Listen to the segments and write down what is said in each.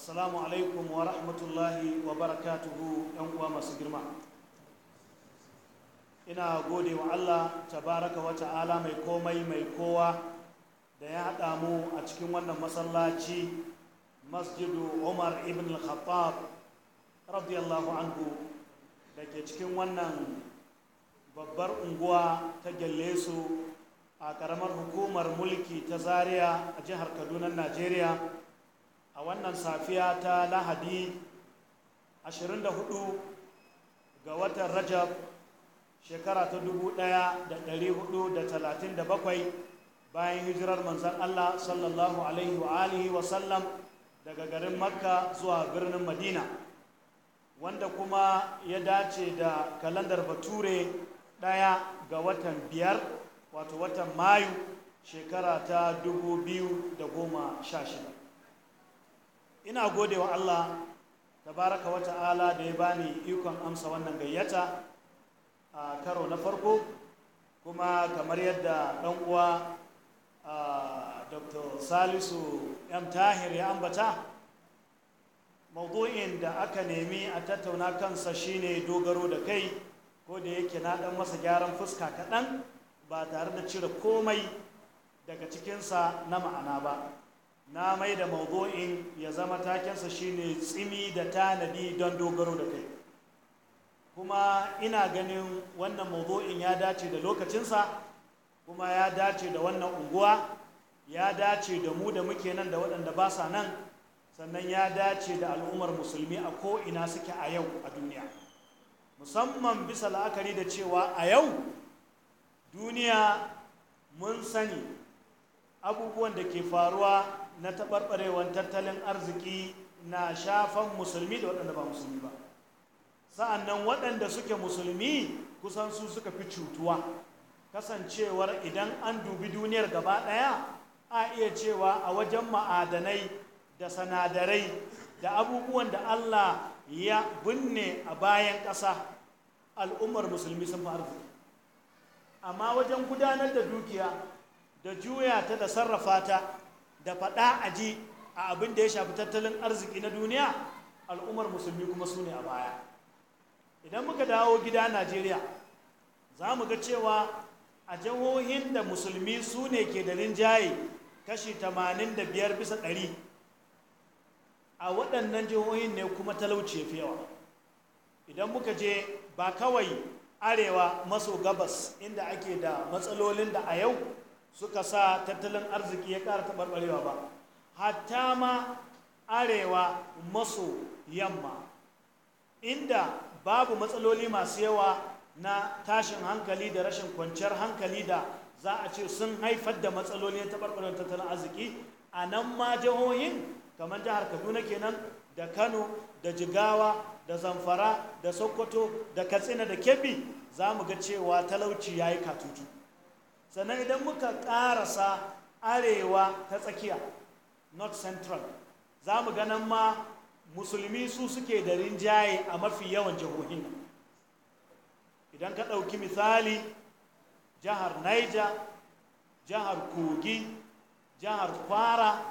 assalamu alaikum wa rahmatullahi wa barakatuhu ɗan uwa masu girma ina gode wa allah ta baraka wa ta'ala mai komai mai kowa da ya haɗa mu a cikin wannan masallaci masjidu umar ibn al-khattab radiyallahu anhu da ke cikin wannan babbar unguwa ta gyallesu a ƙaramar hukumar mulki ta zaria a jihar kaduna najeriya a wannan safiya ta lahadi 24 ga watan rajab shekara ta 1437 bayan hijirar manzan Allah sallallahu alaihi wa alihi wa daga garin makka zuwa birnin madina wanda kuma ya dace da kalandar bature ɗaya ga watan biyar wato watan mayu shekara ta 2016 ina gode wa Allah baraka wa ta'ala da ya bani ikon amsa wannan gayyata a karo na farko kuma kamar yadda ɗan uwa dr salisu m tahir ya ambata maudu'in da aka nemi a tattauna kansa shine dogaro da kai ko da yake na ɗan masa gyaran fuska kaɗan ba tare da cire komai daga cikinsa na ma'ana ba na mai da mawdu'in ya zama takensa shine tsimi da tanadi don dogaro da kai kuma ina ganin wannan mawdu'in ya dace da lokacinsa kuma ya dace da wannan unguwa ya dace da mu da muke nan da waɗanda ba sa nan sannan ya dace da al'ummar musulmi a ko'ina suke a yau a duniya musamman bisa la'akari da cewa a yau duniya mun sani abubuwan da ke faruwa na taɓarɓarewar tattalin arziki na shafan musulmi da waɗanda ba musulmi ba sa'an waɗanda suke musulmi kusan su suka fi cutuwa kasancewar idan an dubi duniyar gaba ɗaya a iya cewa a wajen ma'adanai da sanadarai da abubuwan da allah ya binne a bayan ƙasa al'ummar musulmi sun fi arziki amma wajen gudanar da dukiya da juya ta da sarrafa ta da faɗa a ji a abin da ya shafi tattalin arziki na duniya al'ummar musulmi kuma su ne a baya idan muka dawo gida najeriya za mu ga cewa a jihohin da musulmi su ne ke da rinjaye kashi 85 bisa ɗari, a waɗannan jihohin ne kuma talauci ya yawa idan muka je ba kawai arewa maso gabas inda ake da matsalolin da a yau suka sa tattalin arziki ya ƙara taɓarɓarewa ba hatta ma arewa maso yamma inda babu matsaloli masu yawa na tashin hankali da rashin kwanciyar hankali da za a ce sun haifar da matsaloli na taɓarɓarin tattalin arziki a nan ma jihohin kamar jihar kaduna kenan da kano da jigawa da zamfara da sokoto da katsina da kebbi za mu ga cewa talauci ya yi katutu sannan idan muka ƙarasa arewa ta tsakiya north central za mu ganin ma musulmi su suke da rinjaye a mafi yawan jihohi nan idan ka ɗauki misali jihar niger jihar kogi jihar kwara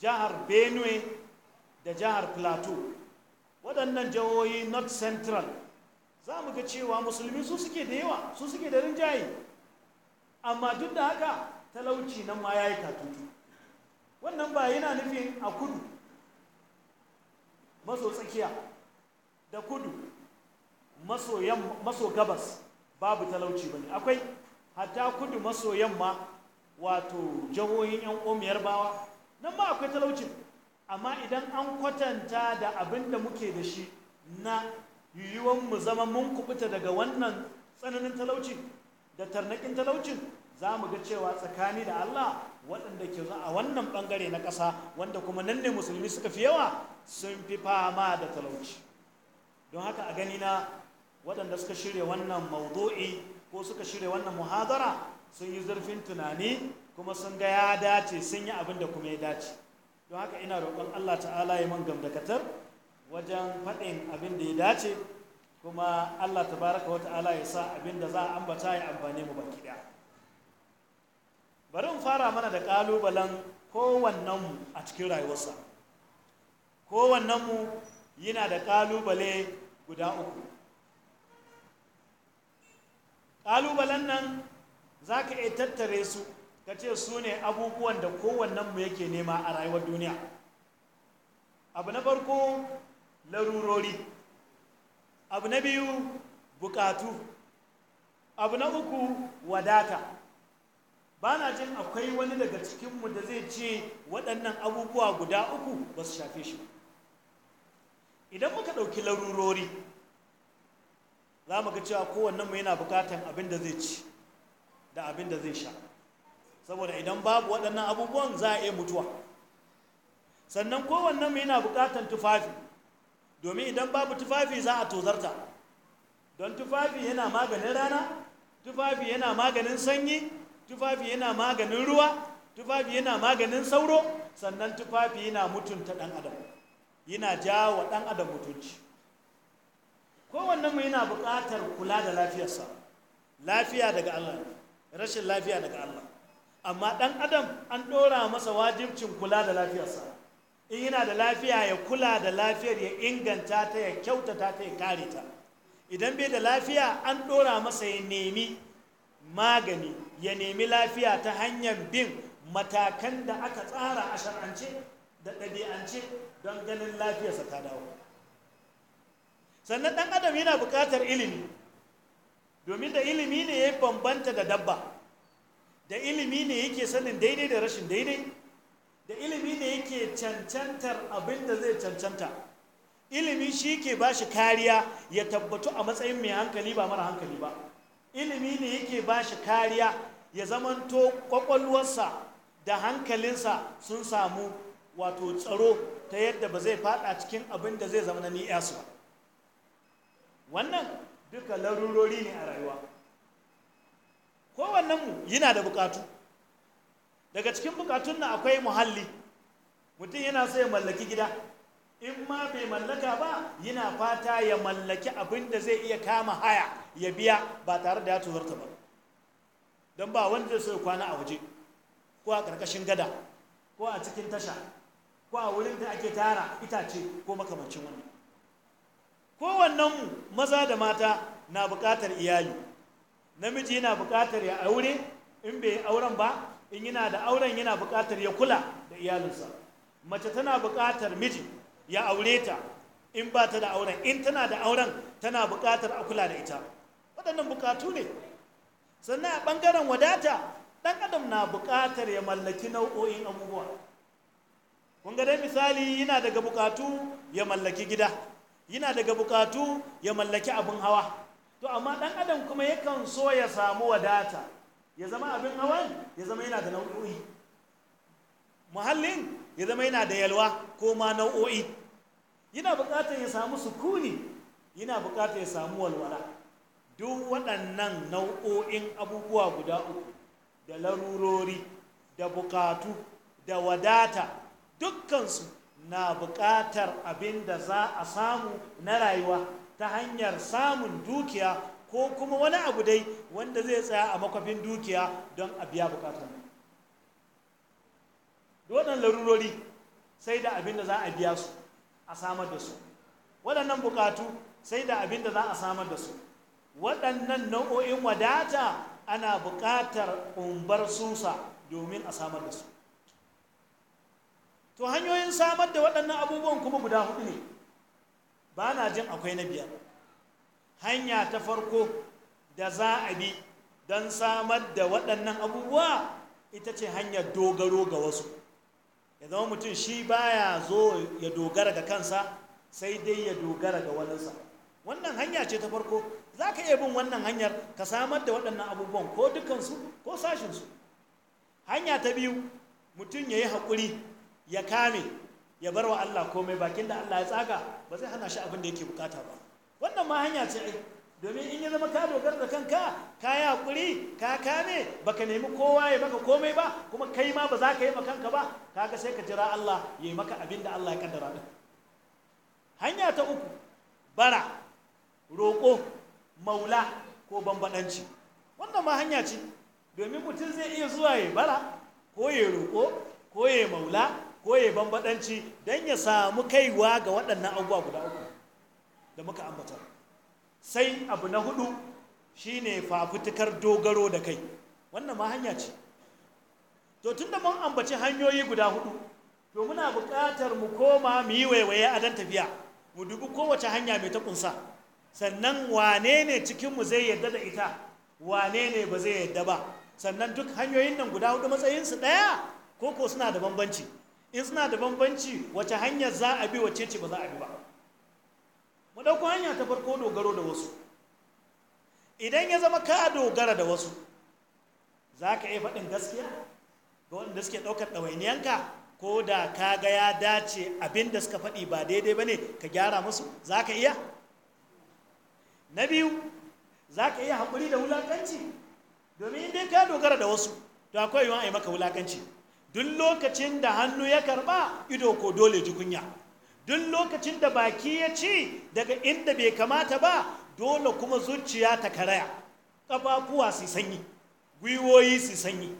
jihar benue da jihar plateau waɗannan jihohi north central za mu ga cewa musulmi su suke da yawa su suke da rinjaye amma duk da haka talauci nan ma ya yi katutu wannan ba yana nufin a kudu maso tsakiya da kudu maso, gabas babu talauci ba ne akwai hata kudu maso yamma wato jahohin yan omiyar bawa nan ma akwai talauci amma idan an kwatanta da abin da muke da shi na yiwuwan mu zama mun kubuta daga wannan tsananin talauci da tarnakin talaucin za mu ga cewa tsakani da Allah waɗanda ke za a wannan ɓangare na ƙasa wanda kuma nan ne musulmi suka fi yawa sun fi fama da talauci don haka a gani na waɗanda suka shirya wannan maudu'i ko suka shirya wannan muhadara sun yi zurfin tunani kuma sun ga ya dace sun yi abin da kuma ya dace don haka ina roƙon Allah ta'ala ya man gamdakatar wajen faɗin abin da ya dace kuma Allah ta baraka wata ala ya sa abin da za a ambata ya amfane mu baki ɗaya. bari in fara mana da ƙalubalen kowannenmu a cikin rayuwarsa kowannenmu yana da ƙalubale guda uku Ƙalubalen nan za ka iya tattare su ka ce su ne abubuwan da kowannenmu yake nema a rayuwar duniya abu na farko larurori abu na biyu bukatu abu na uku wadata ba na jin akwai wani daga cikinmu da zai ce waɗannan abubuwa guda uku ba su shafe shi idan muka ɗauki larurori za mu ga cewa kowannenmu yana bukatan abin da zai ci da abin da zai sha saboda idan babu waɗannan abubuwan za a iya mutuwa sannan kowannenmu yana bukatan tufafi domin idan babu tufafi za a tozarta don tufafi yana maganin rana tufafi yana maganin sanyi tufafi yana maganin ruwa tufafi yana maganin sauro sannan tufafi yana mutunta ɗan adam yana ja wa ɗan adam mutunci kowannenmu yana buƙatar kula da lafiyarsa lafiya daga allah rashin lafiya daga allah amma ɗan adam an ɗora masa wajibcin kula da lafiyarsa in yana da lafiya ya kula da lafiyar ya inganta ta ya kyautata ta ya kare ta idan bai da lafiya an ɗora masa ya nemi magani ya nemi lafiya ta hanyar bin matakan da aka tsara a shar'ance da ɗabi'ance don ganin lafiyarsa ta dawo sannan ɗan adam yana buƙatar ilimi domin da ilimi ne ya bambanta da dabba da ilimi ne yake sanin daidai da rashin daidai da ilimi ne yake cancantar abin da zai cancanta ilimi shi ke ba shi kariya ya tabbatu a matsayin mai hankali ba mara hankali ba ilimi ne yake ba shi kariya ya zamanto kwakwalwarsa da hankalinsa sun samu wato tsaro ta yadda ba zai fada cikin abin da zai zama na ni'yasu ba wannan duka larurori ne a rayuwa kowannenmu yana da bukatu daga cikin bukatun na akwai muhalli mutum yana so ya mallaki gida in ma bai mallaka ba yana fata ya mallaki abin da zai iya kama haya ya biya ba tare da ya tuzurta ba don ba wanda zai so ya kwana a waje ko a ƙarƙashin gada ko a cikin tasha ko a wurin da ake tara itace ko makamancin wannan maza da mata na buƙatar iyali namiji yana buƙatar ya aure in bai auren ba in yana da auren yana buƙatar ya kula da iyalinsa mace tana buƙatar miji ya aure ta in ba ta da auren in tana da auren tana buƙatar a kula da ita waɗannan buƙatu ne sannan a ɓangaren wadata ɗan adam na buƙatar ya mallaki nau'o'in abubuwa kun dai misali yana daga buƙatu ya mallaki gida yana daga buƙatu ya mallaki abin hawa to amma ɗan adam kuma yakan so ya samu wadata ya zama abin hawan ya zama yana da nau'o'i muhallin ya zama yana da yalwa ko ma nau'o'i yana buƙatar ya samu sukuni yana buƙatar ya samu walwala duk waɗannan nau'o'in abubuwa guda uku da larurori da bukatu da wadata dukkansu na buƙatar abin da za a samu na rayuwa ta hanyar samun dukiya ko kuma wani abu dai wanda zai tsaya a makwafin dukiya don a biya bukatun waɗannan larurori sai da abin da za a biya su a samar da su waɗannan bukatu sai da abin da za a samar da su waɗannan nau'o'in wadata ana buƙatar umbar susa domin a samar da su to hanyoyin samar da waɗannan abubuwan kuma guda hudu ne ba na jin akwai na biyar hanya ta farko da za a bi don samar da waɗannan abubuwa ita ce hanyar dogaro ga wasu ya zama mutum shi baya zo ya dogara ga kansa sai dai ya dogara ga waninsa wannan hanya ce ta farko za ka iya bin wannan hanyar ka samar da waɗannan abubuwan ko dukansu ko sashensu hanya ta biyu mutum ya yi haƙuri ya kame ya bar wa Allah komai bakin da Allah ya tsaga ba zai hana shi abin da yake bukata ba wannan ma hanya ce ai domin in ya zama ka dogara da kanka ka yi hakuri ka kame baka nemi kowa ya maka komai ba kuma kai ma ba za ka yi ma kanka ba ka ga sai ka jira Allah ya yi maka abin da Allah ya kaddara din hanya ta uku bara roƙo maula ko bambaɗanci wannan ma hanya ce domin mutum zai iya zuwa ya bara ko ya roƙo ko ya maula ko ya bambaɗanci don ya samu kaiwa ga waɗannan abubuwa guda uku da muka ambata sai abu na hudu shine fafutukar dogaro da kai wannan ma hanya ce to tunda mun ambaci hanyoyi guda hudu to muna buƙatar mu koma mu yi waiwaye a dan tafiya mu dubi kowace hanya mai ta kunsa sannan wane ne mu zai yarda da ita wane ne ba zai yarda ba sannan duk hanyoyin nan guda hudu matsayin su ɗaya ko ko suna da bambanci in suna da bambanci wace hanyar za a bi wace ce ba za a bi ba mu ɗauko hanya ta farko dogaro da wasu idan ya zama ka dogara da wasu za ka iya faɗin gaskiya ga wanda suke ɗaukar ɗawainiyanka ko da ka ga ya dace abin da suka faɗi ba daidai ba ne ka gyara musu za ka iya na biyu za ka iya haƙuri da wulaƙanci domin inda ka dogara da wasu to akwai yiwuwa a yi maka wulaƙanci duk lokacin da hannu ya karɓa ido ko dole ji duk lokacin da baki ya ci daga inda bai kamata ba dole kuma zuciya ta karaya ƙafafuwa su sanyi gwiwoyi su sanyi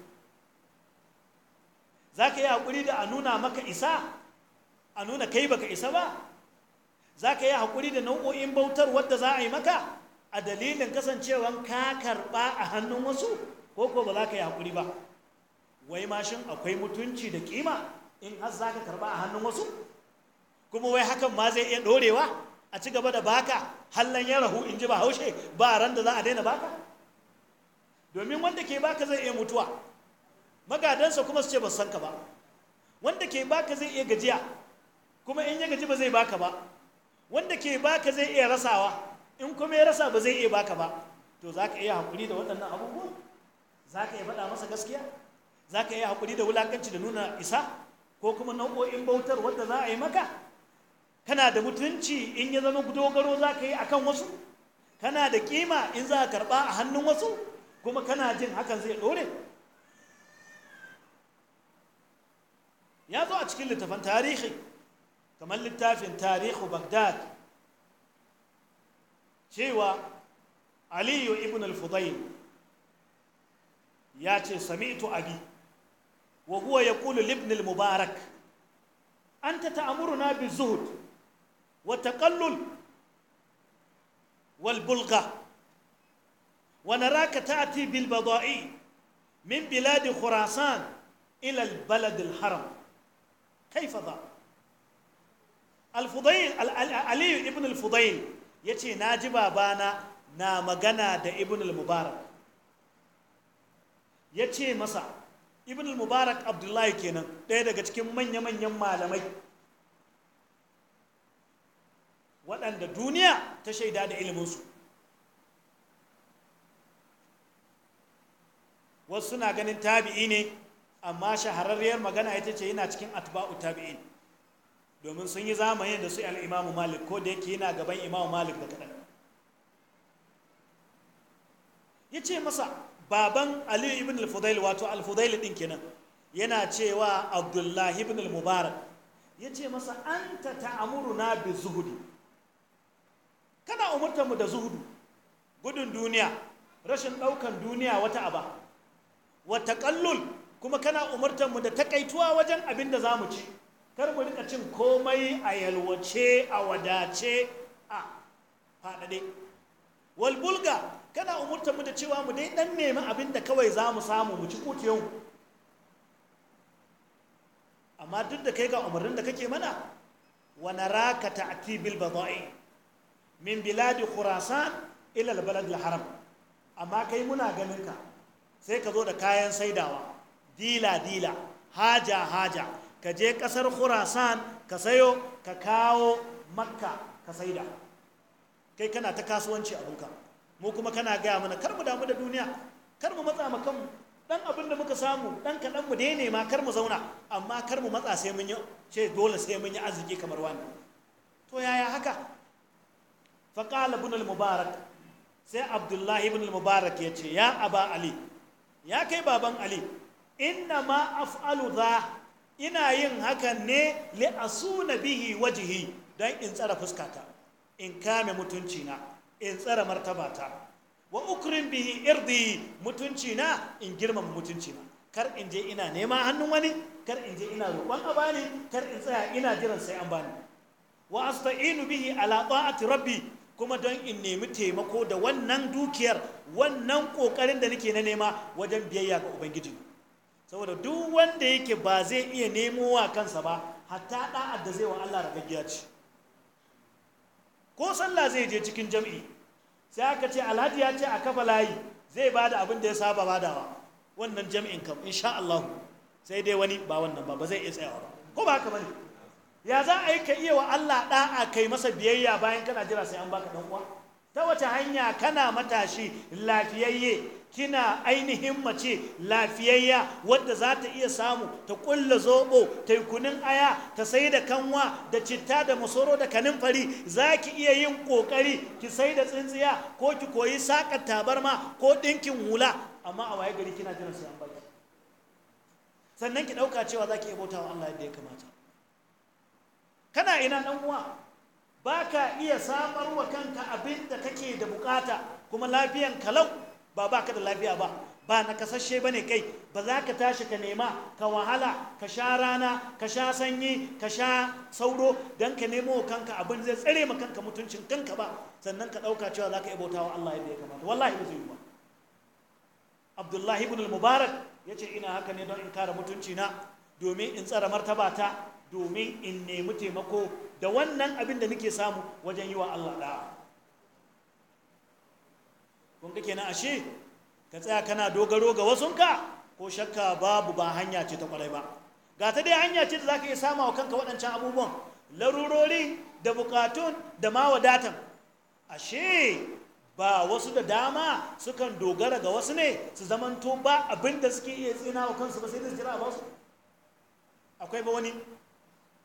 za ka yi haƙuri da a nuna maka isa a nuna kai baka isa ba za ka yi haƙuri da nau'o'in bautar wadda za a yi maka a dalilin kasancewan ka karɓa a hannun wasu ko ko ba za ka yi haƙuri ba wai mashin akwai mutunci da kima in har za ka karɓa a hannun wasu kuma wai hakan ma zai iya ɗorewa a ci gaba da baka hallan ya rahu in ji ba haushe ba ran da za a daina baka domin wanda ke baka zai iya mutuwa magadansa kuma su ce ba san ka ba wanda ke baka zai iya gajiya kuma in ya gaji ba zai baka ba wanda ke baka zai iya rasawa in kuma ya rasa ba zai iya baka ba to za ka iya haƙuri da waɗannan abubuwan za ka iya faɗa masa gaskiya za ka iya haƙuri da wulakanci da nuna isa ko kuma nau'o'in bautar wadda za a yi maka kana da mutunci in ya zama dogaro za ka yi akan wasu kana da kima in za a karɓa a hannun wasu kuma kana jin hakan zai ɗore ya zo a cikin littafin tarihi kamar littafin tarihu bagdad cewa aliyu ibn al-fudayl ya ce sami'tu abi wa huwa yaqulu libn al-mubarak anta ta'muruna bi-zuhd والتقلل والبلغة ونراك تأتي بالبضائع من بلاد خراسان إلى البلد الحرم كيف ذا الفضيل علي ابن الفضيل يتي ناجي بابانا نامغنا دا ابن المبارك يتي مسا ابن المبارك عبد الله كينا ده daga cikin manya-manyan malamai waɗanda duniya ta shaida da iliminsu wasu suna ganin tabi'i ne amma shahararriyar magana ita ce yana cikin atba'u tabi'in domin sun yi zamanin da su al'imamu malik ko da yake yana gaban imamu malik da kaɗan ya ce masa baban aliyu ibn al-fudail wato al-fudail ɗin kenan yana cewa abdullahi ibn al-mubarak ya ce masa an ta ta'amuruna bi zuhudi kana umurtar mu da zuhudu gudun duniya rashin ɗaukan duniya wata aba wata kallul kuma kana umurtar mu da takaituwa wajen abin da zamu ci kar mu rika cin komai a yalwace a wadace a fadade. wal bulga kana umurtar mu da cewa mu dai dan nemi abin da kawai zamu samu mu ci yau amma duk da kai ga umarnin da kake mana wa naraka ta'tibil bada'i min biladi khurasan ila albalad alharam amma kai muna ganin ka sai ka zo da kayan saidawa dila dila haja haja ka je kasar khurasan ka sayo ka kawo makka ka saida kai kana ta kasuwanci abunka mu kuma kana gaya mana kar mu damu da duniya kar mu matsa ma kanmu dan abin da muka samu dan kaɗan mu daine ma kar mu zauna amma kar mu matsa sai mun yi ce dole sai mun yi arziki kamar wani to yaya haka faƙala ibn mubarak sai abdullahi ibn mubarak ya ce ya aba ali ya kai baban ali inna ma af'alu za ina yin hakan ne li asuna bihi wajihi don in tsara fuskata in kame mutuncina in tsara martabata wa ukrim bihi irdi mutuncina in girmama mutuncina kar in je ina nema hannun wani kar in je ina roƙon a kar in tsaya ina jiran sai an bani wa asta'inu bihi ala ta'ati rabbi kuma don in nemi taimako da wannan dukiyar wannan ƙoƙarin da nake na nema wajen biyayya ga ubangiji saboda duk wanda yake ba zai iya nemo nemowa kansa ba hatta ɗa'ar da zai wa Allah ragaggiya ce ko sallah zai je cikin jam'i sai aka ce alhaji ya ce a kafa layi zai bada da abin da ya saba badawa wannan jam'in kam insha Allah sai dai wani ba wannan ba ba zai iya tsayawa ba ko ba haka bane ya za a yi ka iya wa Allah ɗa'a kai masa biyayya bayan kana jira sai an baka ɗan uwa ta wace hanya kana matashi lafiyayye kina ainihin mace lafiyayya wadda za ta iya samu ta kulla zobo, ta kunin aya ta sai da kanwa da citta da masoro da kanunfari? za ki iya yin ƙoƙari ki sai da tsintsiya ko ki koyi saƙar tabarma ko ɗinkin hula amma a waye gari kina jira sai an baki sannan ki ɗauka cewa za ki iya bautawa Allah yadda ya kamata kana ina dan uwa baka iya samar wa kanka abin da kake da bukata kuma lafiyan kalau ba ka da lafiya ba ba na kasashe bane kai ba za ka tashi ka nema ka wahala ka sha rana ka sha sanyi ka sha sauro don ka nemo kanka abin zai tsare ma kanka mutuncin kanka ba sannan ka ɗauka cewa za ka yi bautawa Allah yadda ya kamata wallahi ba zai yi ba Abdullahi ibn al-Mubarak ya ce ina haka ne don in kare mutunci na domin in martaba ta domin in nemi taimako da wannan abin da nake samu wajen yi wa Allah da'a kun kake kenan ashe ka tsaya kana dogaro ga wasunka ko shakka babu ba hanya ce ta kwarai ba ga ta dai hanya ce da zaka iya sama wa kanka waɗancan abubuwan larurori da bukatun da ma wadatan ashe ba wasu da dama sukan dogara ga wasu ne su zamanto ba abin da suke iya tsina wa kansu ba sai da jira ba su akwai ba wani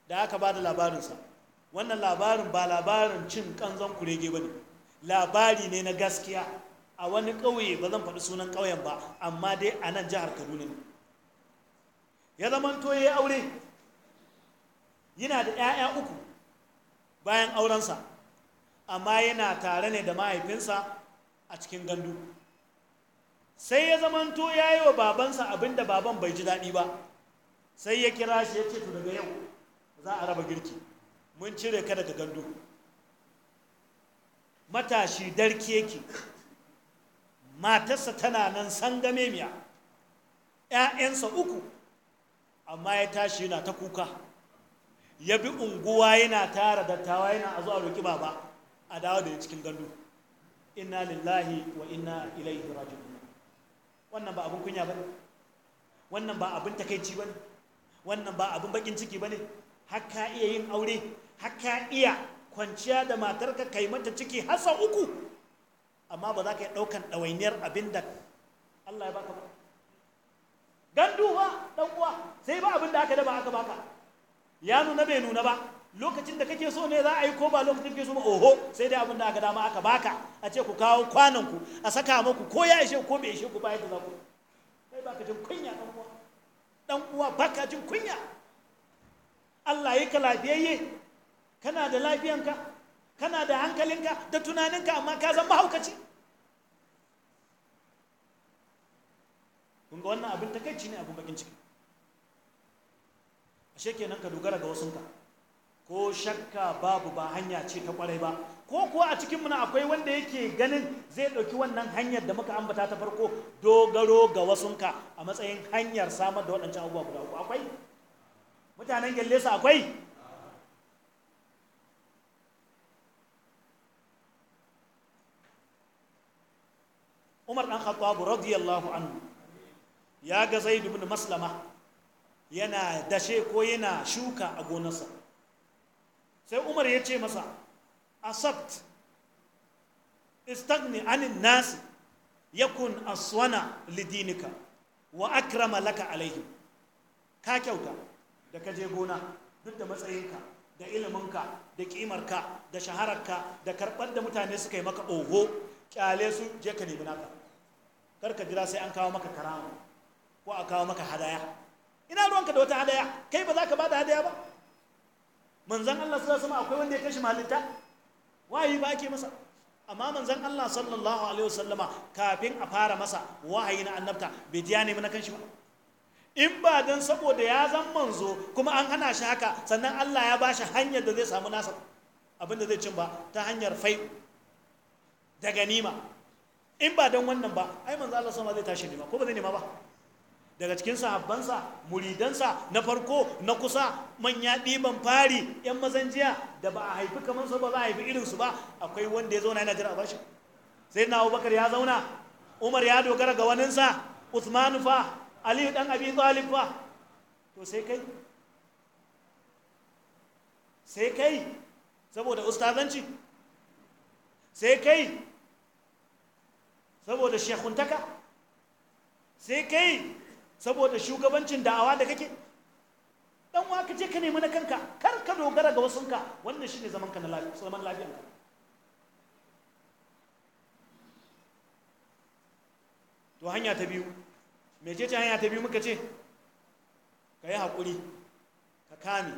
da aka ba da labarinsa wannan labarin ba labarin cin kanzon kurege ba ne labari ne na gaskiya a wani ƙauye ba zan faɗi sunan ƙauyen ba amma dai a nan jihar kaduna ne ya zamanto ya aure yana da 'ya'ya uku bayan aurensa amma yana tare ne da mahaifinsa a cikin gandu sai ya zamanto ya yi wa babansa abinda baban bai ji daɗi ba sai ya kira shi ya ce to daga yau za a raba girki mun cire ka daga gandu matashi darki yake matarsa tana nan sangame miya ‘ya'yansa uku amma ya tashi yana ta kuka ya bi unguwa yana tara dattawa yana a zuwa roƙi ba. a dawo da cikin gandu Ina lillahi wa ina ilaihi raji'un wannan ba abin kunya ne? wannan ba abin takaici ne? wannan ba abin bakin ciki ba ne? haka iya yin aure haka iya kwanciya da matarka kai mata ciki hasa uku amma ba za ka yi ɗaukan ɗawainiyar abin da Allah ya baka ba gandu ba ɗan uwa sai ba abin da aka daba aka baka ya nuna bai nuna ba lokacin da kake so ne za a yi ko ba lokacin kake so ba oho sai dai abin da aka dama aka baka a ce ku kawo kwanan ku a saka muku ko ya ishe ko bai ishe ku ba yadda za ku kai baka jin kunya dan uwa ɗan uwa baka jin kunya Allah ya ka lafiyayye kana da lafiyanka kana da hankalinka da tunaninka amma ka zama haukaci kun ga wannan abin takaici ne abin bakin ciki ashe kenan ka dogara ga wasunka ko shakka babu ba hanya ce ta kwarai ba ko kuwa a cikinmu na akwai wanda yake ganin zai ɗauki wannan hanyar da muka ambata ta farko dogaro ga wasunka a matsayin hanyar samar da waɗancan abubuwa guda uku akwai mutanen gyalle su akwai umar ɗan khattabu radiyallahu anhu ya ga zaid ibn maslama yana dashe ko yana shuka a gonarsa sai umar ya ce masa asabt istagni anin nasi yakun aswana lidinika wa akrama laka alaihim ka kyauta da ka je gona duk da matsayinka da iliminka da ƙimarka da shahararka da karɓar da mutane suka yi maka oho kyale su je ka nemi naka kar ka jira sai an kawo maka karama ko a kawo maka hadaya ina ruwanka da wata hadaya kai ba za ka bada hadaya ba manzan Allah sallallahu alaihi wasallam akwai wanda ya kashi malinta wahayi ba ake masa amma manzan Allah sallallahu alaihi wasallama kafin a fara masa wahayi na annabta bai ji ya nemi na kanshi ba in ba don saboda ya zan manzo kuma an hana shi haka sannan Allah ya bashi hanyar da zai samu nasa abin zai cin ba ta hanyar fai da ganima in ba don wannan ba ai manzo Allah sama zai tashi nema ko ba zai nema ba daga cikin sahabbansa muridansa na farko na kusa manya ɗiban fari yan mazan jiya da ba a haifi kamar su ba za a haifi irin su ba akwai wanda ya zauna yana jira a bashi sai na abubakar ya zauna umar ya dogara ga waninsa usman fa aliyu dan abi talib ba to sai kai sai kai saboda ustazanci sai kai saboda shekuntaka sai kai saboda shugabancin da'awa da kake dan wa kaje je ka nemi na kanka kar ka dogara ga wasunka wannan shine zaman ka na lafiya zaman to hanya ta biyu mece ce hanya ta biyu muka ce ka yi haƙuri ka kame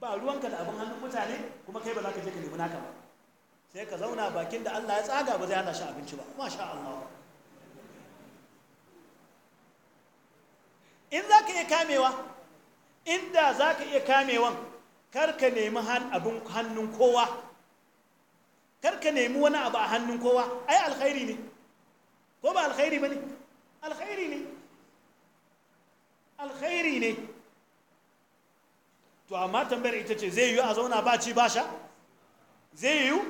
ba ruwanka da abin hannun mutane kuma kai ba za ka je ka nemi naka ba sai ka zauna bakin da Allah ya tsaga ba zai hana shi abinci ba masha Allah in za ka iya kamewa inda za ka iya kamewan kar ka nemi abin hannun kowa kar ka nemi wani abu a hannun kowa ai alkhairi ne ko ba alkhairi ba ne alkhairi ne alkhairi ne to amma tambayar ita ce zai yiwu a zauna ba ci ba sha zai yiwu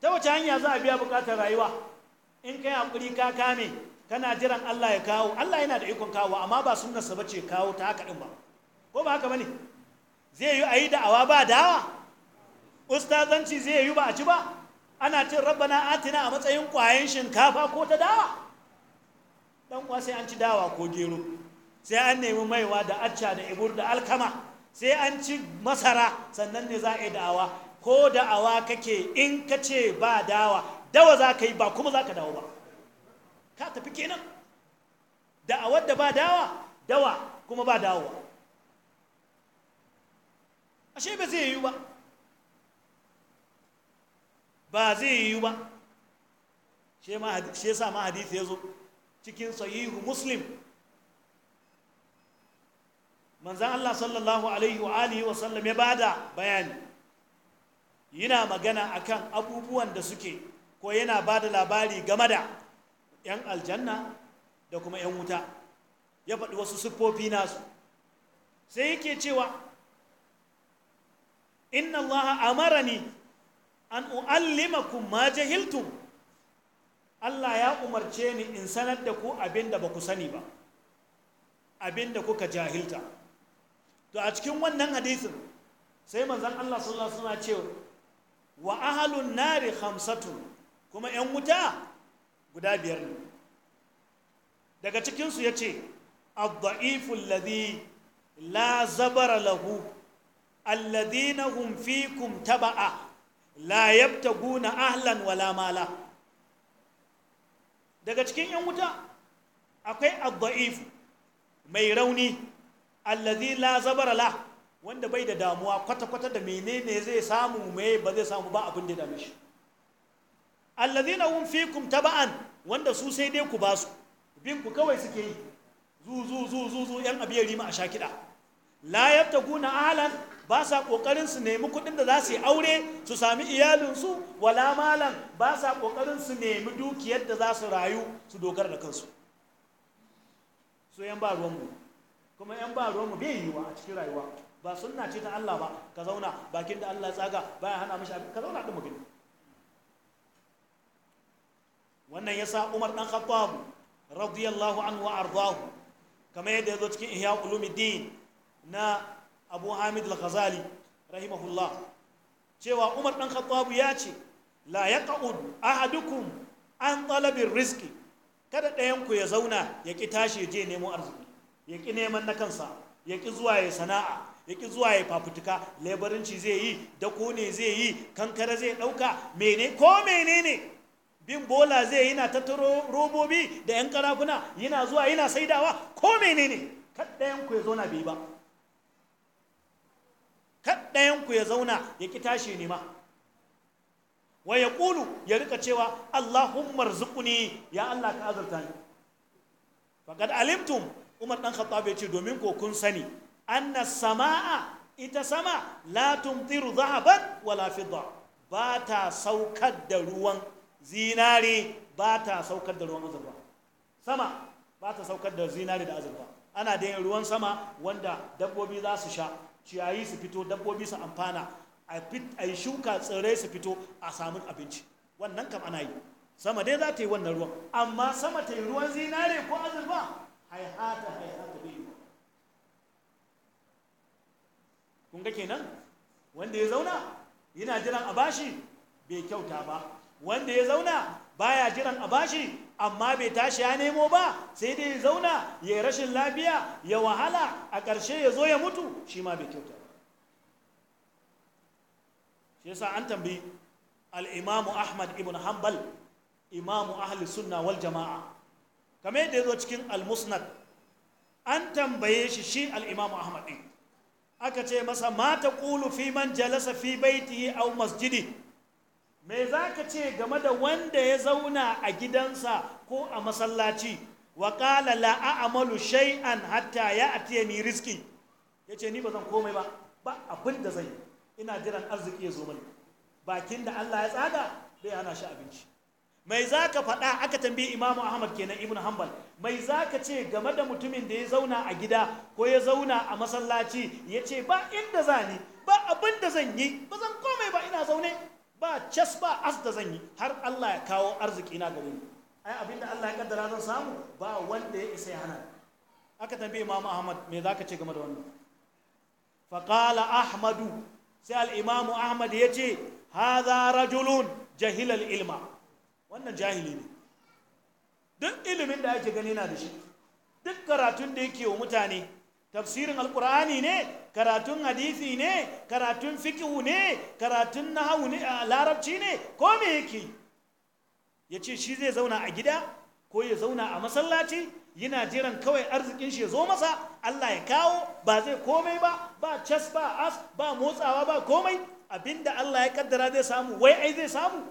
ta wace hanya za a biya bukatar rayuwa in kai hakuri ka kame kana jiran Allah ya kawo Allah yana da ikon kawo amma ba sunnarsa bace kawo ta haka din ba ko ba haka bane zai yiwu ayi da'awa ba dawa ustazanci zai yiwu ba a ci ba ana cin rabbana atina a matsayin kwayen shinkafa ko ta dawa dan uwa sai an ci dawa ko gero sai an nemi maiwa da acca da ibur da alkama sai an ci masara sannan ne za a yi da'awa ko da'awa kake in ka ce ba dawa dawa za ka yi ba kuma za ka dawo ba ka tafi kenan a wadda ba dawa dawa kuma ba dawowa ashe ba zai yi ba ba zai yi ba shi sa ma hadisi ya zo cikin sahihu muslim manzan Allah sallallahu alaihi wa alihi wa sallam ya bada bayani yana magana akan abubuwan da suke ko yana bada labari game da 'yan aljanna da kuma 'yan wuta ya faɗi wasu siffofi nasu sai yake cewa inna Allah amarani an u'allimakum ma jahiltum Allah ya umarce ni in sanar da ku abin da ba ku sani ba abin da kuka jahilta to a cikin wannan hadisin sai manzan Allah sallallahu alaihi wasallam cewa wa ahlun nari khamsatun kuma yan wuta guda biyar ne daga cikin su yace ad-da'ifu alladhi la zabara lahu alladhina hum fikum taba'a la yabtaguna ahlan wala mala daga cikin yan wuta akwai adda'if mai rauni allazi la zabara la wanda bai da damuwa kwata-kwata da menene zai samu mai ba zai samu ba abin da dame shi allazi na hun fikum taba'an wanda su sai dai ku ba su bin ku kawai suke yi zuzu, zuzu, yan abiyar rima a sha kiɗa la guna ahlan ba sa ƙoƙarin su nemi kuɗin da za su yi aure su sami iyalinsu wala malam ba sa ƙoƙarin su nemi dukiyar da za su rayu su dogara da kansu so yan ba ruwanmu kuma yan ba ruwanmu bai yi wa a cikin rayuwa ba sunna ce ta Allah ba ka zauna bakin da Allah ya tsaga ya hana mishi abin ka zauna da magana wannan yasa Umar dan Khattab radiyallahu anhu wa ardahu kamar yadda ya zo cikin Ihya Ulumuddin na abu hamid al-ghazali rahimahullah cewa umar dan khattabu ya ce la yaqud ahadukum an talabir rizqi kada ɗayan ya zauna ya ki tashi je nemo arziki ya ki neman na kansa ya ki zuwa ya sana'a ya ki zuwa ya fafutuka lebarinci zai yi da ne zai yi kankara zai ɗauka mene ko menene bin bola zai yi na tattaro robobi da yan karafuna yana zuwa yana saidawa ko menene kada ɗayan ku ya zauna bai ba ku ya zauna ya ki tashi nema wa ya ƙulu ya rika cewa Allahumma rizquni ya Allah ka azurta ni faqad alimtum Umar ɗan Khattab ya ce domin ko kun sani anna samaa ita sama la tumtiru dhahaban wala fidda ba ta saukar da ruwan zinare ba ta saukar da ruwan azurfa sama ba ta saukar da zinare da azurfa ana da ruwan sama wanda dabbobi za su sha ciyayi su fito dabbobi su amfana a yi shuka tsirrai su fito a samun abinci wannan kam ana yi sama dai za ta yi wannan ruwan amma sama ta yi ruwan zinare ko azurfa haihata haihata bai yi kun ga kenan wanda ya zauna yana jiran a bashi bai kyauta ba wanda ya zauna baya jiran a bashi amma bai tashi ya nemo ba sai dai zauna ya yi rashin lafiya ya wahala a ƙarshe ya zo ya mutu shi ma bai kyauta shi yasa an tambayi al'imamu ahmad ibn hanbal imamu ahli sunna wal jama'a kamar yadda ya zo cikin al-musnad an tambaye shi shi al'imamu ahmad ɗin aka ce masa mata ƙulu fi man jalasa fi baitihi au masjidi me za ka ce game da wanda ya zauna a gidansa ko a masallaci wa ƙala la'amalu shay'an hatta ya atiya ni riski ya ce ni ba zan komai ba ba abin da zai ina jiran arziki ya zo mani bakin da Allah ya tsada bai hana shi abinci mai za ka faɗa aka tambayi imamu ahmad kenan ibn hanbal mai za ka ce game da mutumin da ya zauna a gida ko ya zauna a masallaci ya ce ba inda za ni ba abin da zan yi ba zan komai ba ina zaune ba cas ba as da zan yi har Allah ya kawo arziki na gare ni ai abinda Allah ya kaddara zan samu ba wanda ya isa ya hana aka tambaye Imam Ahmad me zaka ce game da wannan fa qala Ahmadu sai al-Imam Ahmad yace hadha rajulun jahila ilma wannan jahili ne duk ilimin da ake gani na da shi duk karatun da yake wa mutane tafsirin alkur'ani ne karatun hadisi ne karatun fikihu ne karatun nahawu ne larabci ne ko me yake ya ce shi zai zauna a gida ko ya zauna a masallaci yana jiran kawai arzikin shi ya zo masa Allah ya kawo ba zai komai ba ba cas ba as ba motsawa ba komai abinda Allah ya kaddara zai samu wai ai zai samu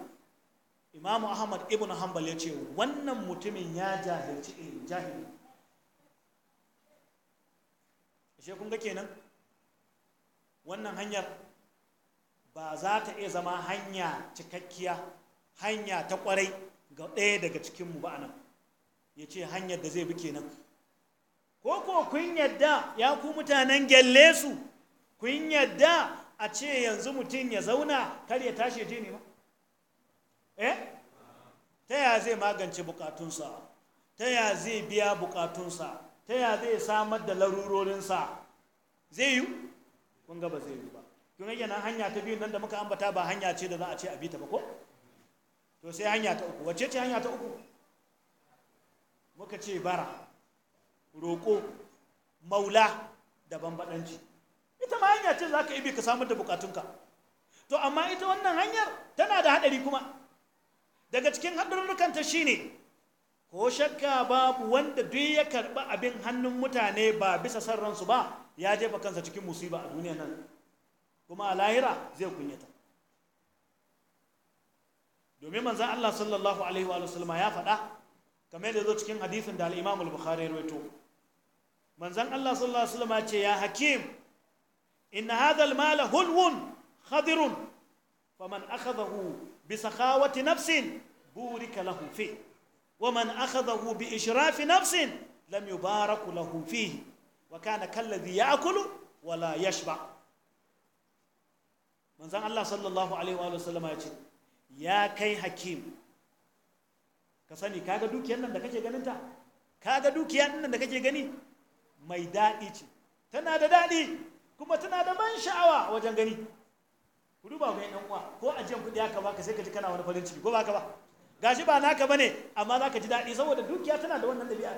imamu ahmad ibn hanbal ya ce wannan mutumin ya jahilci jahili sai kun ga kenan wannan hanyar ba za ta iya zama hanya cikakkiya hanya ta kwarai ga ɗaya daga cikinmu ba nan ya ce hanyar da zai bi kenan ko ko kun yadda ya ku mutanen gyalle su kun yadda a ce yanzu mutum ya zauna kar ya tashi je ne ba eh ta ya zai magance bukatunsa ta ya zai biya bukatunsa ta ya zai samar da larurorinsa zai yi kun ga ba zai yi ba kun ga yana hanya ta biyu nan da muka ambata ba hanya ce da za a ce a bi ta ba ko to sai hanya ta uku wacce ce hanya ta uku muka ce bara roƙo maula da bambaɗanci ita ma hanya ce za ka ibi ka samar da bukatunka to amma ita wannan hanyar tana da haɗari kuma daga cikin haɗarurrukanta shine ko shakka babu wanda duk ya karɓi abin hannun mutane ba bisa san ransu ba ya jefa kansa cikin musiba a duniya nan kuma a lahira zai kunyata domin manzan Allah sallallahu alaihi wa sallama ya faɗa kamar da zo cikin hadisin da al-Imam al-Bukhari ya manzan Allah sallallahu alaihi wa ce ya hakim inna hadha al-mala hulwun khadirun faman akhadahu bi sakhawati nafsin burika lahu fihi ومن أخذه بإشراف نفس لم يبارك له فيه وكان كالذي يأكل ولا يشبع من زان الله صلى الله عليه وآله وسلم يقول يا كي حكيم كساني كاغا دوكي أنن دكاجي غننتا كاغا دوكي أنن دكاجي غني mai daɗi ce tana da daɗi kuma tana da ban sha'awa wajen gani ku duba ga yan uwa ko ajiyan kuɗi aka baka sai ka ji kana wani farin ciki ko baka ba gashi ba naka bane amma zaka ji dadi saboda dukiya tana da wannan ɗabi'a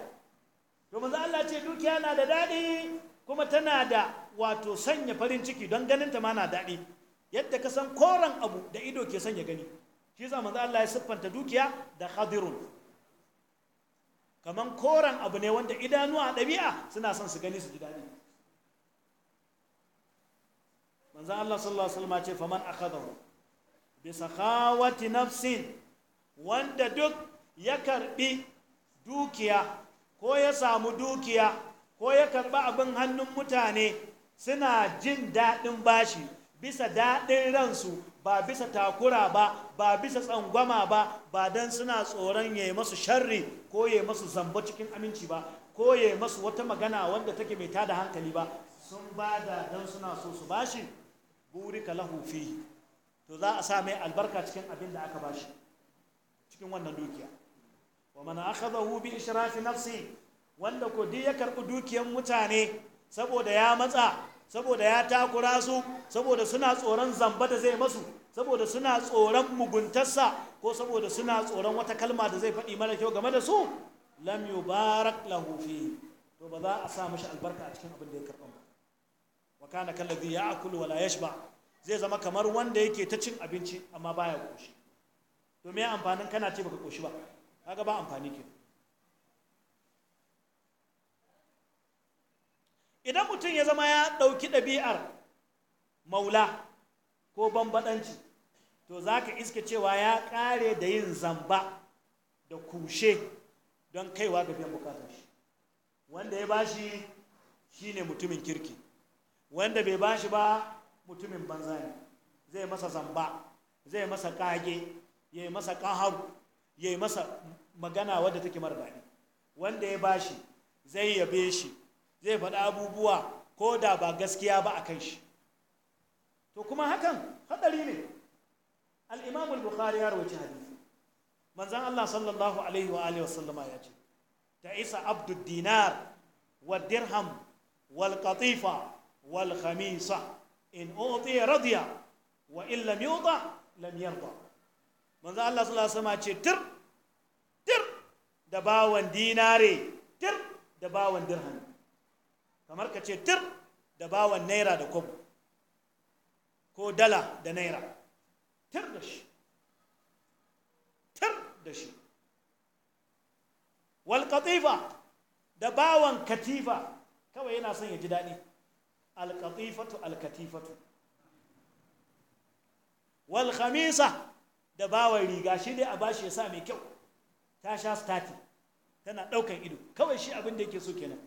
to manzo Allah ce dukiya na da daɗi kuma tana da wato sanya farin ciki don ganin ta ma na daɗi yadda ka san koren abu da ido ke sanya gani shi yasa manzo Allah ya siffanta dukiya da khadirun kaman koren abu ne wanda idanuwa a ɗabi'a suna son su gani su ji daɗi manzo Allah sallallahu alaihi wasallam ce faman akhadahu bi sakhawati nafsin wanda duk ya karbi dukiya ko ya samu dukiya ko ya karbi abin hannun mutane suna jin daɗin bashi bisa daɗin ransu ba bisa takura ba ba bisa tsangwama ba ba don suna tsoron ya yi masu sharri ko ya yi masu zamba cikin aminci ba ko ya yi masu wata magana wanda take mai tada hankali ba sun ba da don suna so su bashi burika ka to za a sa mai albarka cikin abin da aka bashi cikin wannan dukiya wa man akhadahu bi israfi nafsi wanda ko duk ya karɓi dukiyar mutane saboda ya matsa saboda ya takura su saboda suna tsoron zamba da zai masu saboda suna tsoron muguntarsa ko saboda suna tsoron wata kalma da zai faɗi mara kyau game da su lam yubarak lahu fi to ba za a sa mashi albarka a cikin abin da ya karɓa ba wa kana kallazi akulu wala yashba zai zama kamar wanda yake ta cin abinci amma baya koshi domin amfanin kana ce baka koshi ba kaga ba amfani ke idan mutum ya zama ya ɗauki ɗabi'ar maula ko bambaɗanci to za ka iske cewa ya ƙare da yin zamba da kushe don kaiwa ga biyan bukatar shi wanda ya bashi shine mutumin kirki wanda bai bashi ba mutumin banza ne zai masa zamba zai masa kage ya yi masa ƙaharu ya yi masa magana wadda take mara daɗi wanda ya bashi zai yabe shi zai faɗi abubuwa ko da ba gaskiya ba a kan shi to kuma hakan haɗari ne al'imamul bukhari ya rawaci hadisi manzan allah sallallahu alaihi wa alihi ya ce ta isa Abdu' dinar wa dirham wal qatifa wal khamisa in utiya radiya wa in lam yuta lam yarda manzo Allah sallallahu alaihi wasallam ce tir tir da bawan dinare tir da bawan dirham kamar ka ce tir da bawan naira da kwabo ko dala da naira tir da shi tir da shi wal qatifa da bawan katifa kawai yana son ya ji daɗi al qatifatu al katifatu wal khamisa da bawan riga shi ne a bashi ya sa mai kyau ta sha stati tana ɗaukan ido kawai shi abin da yake so kenan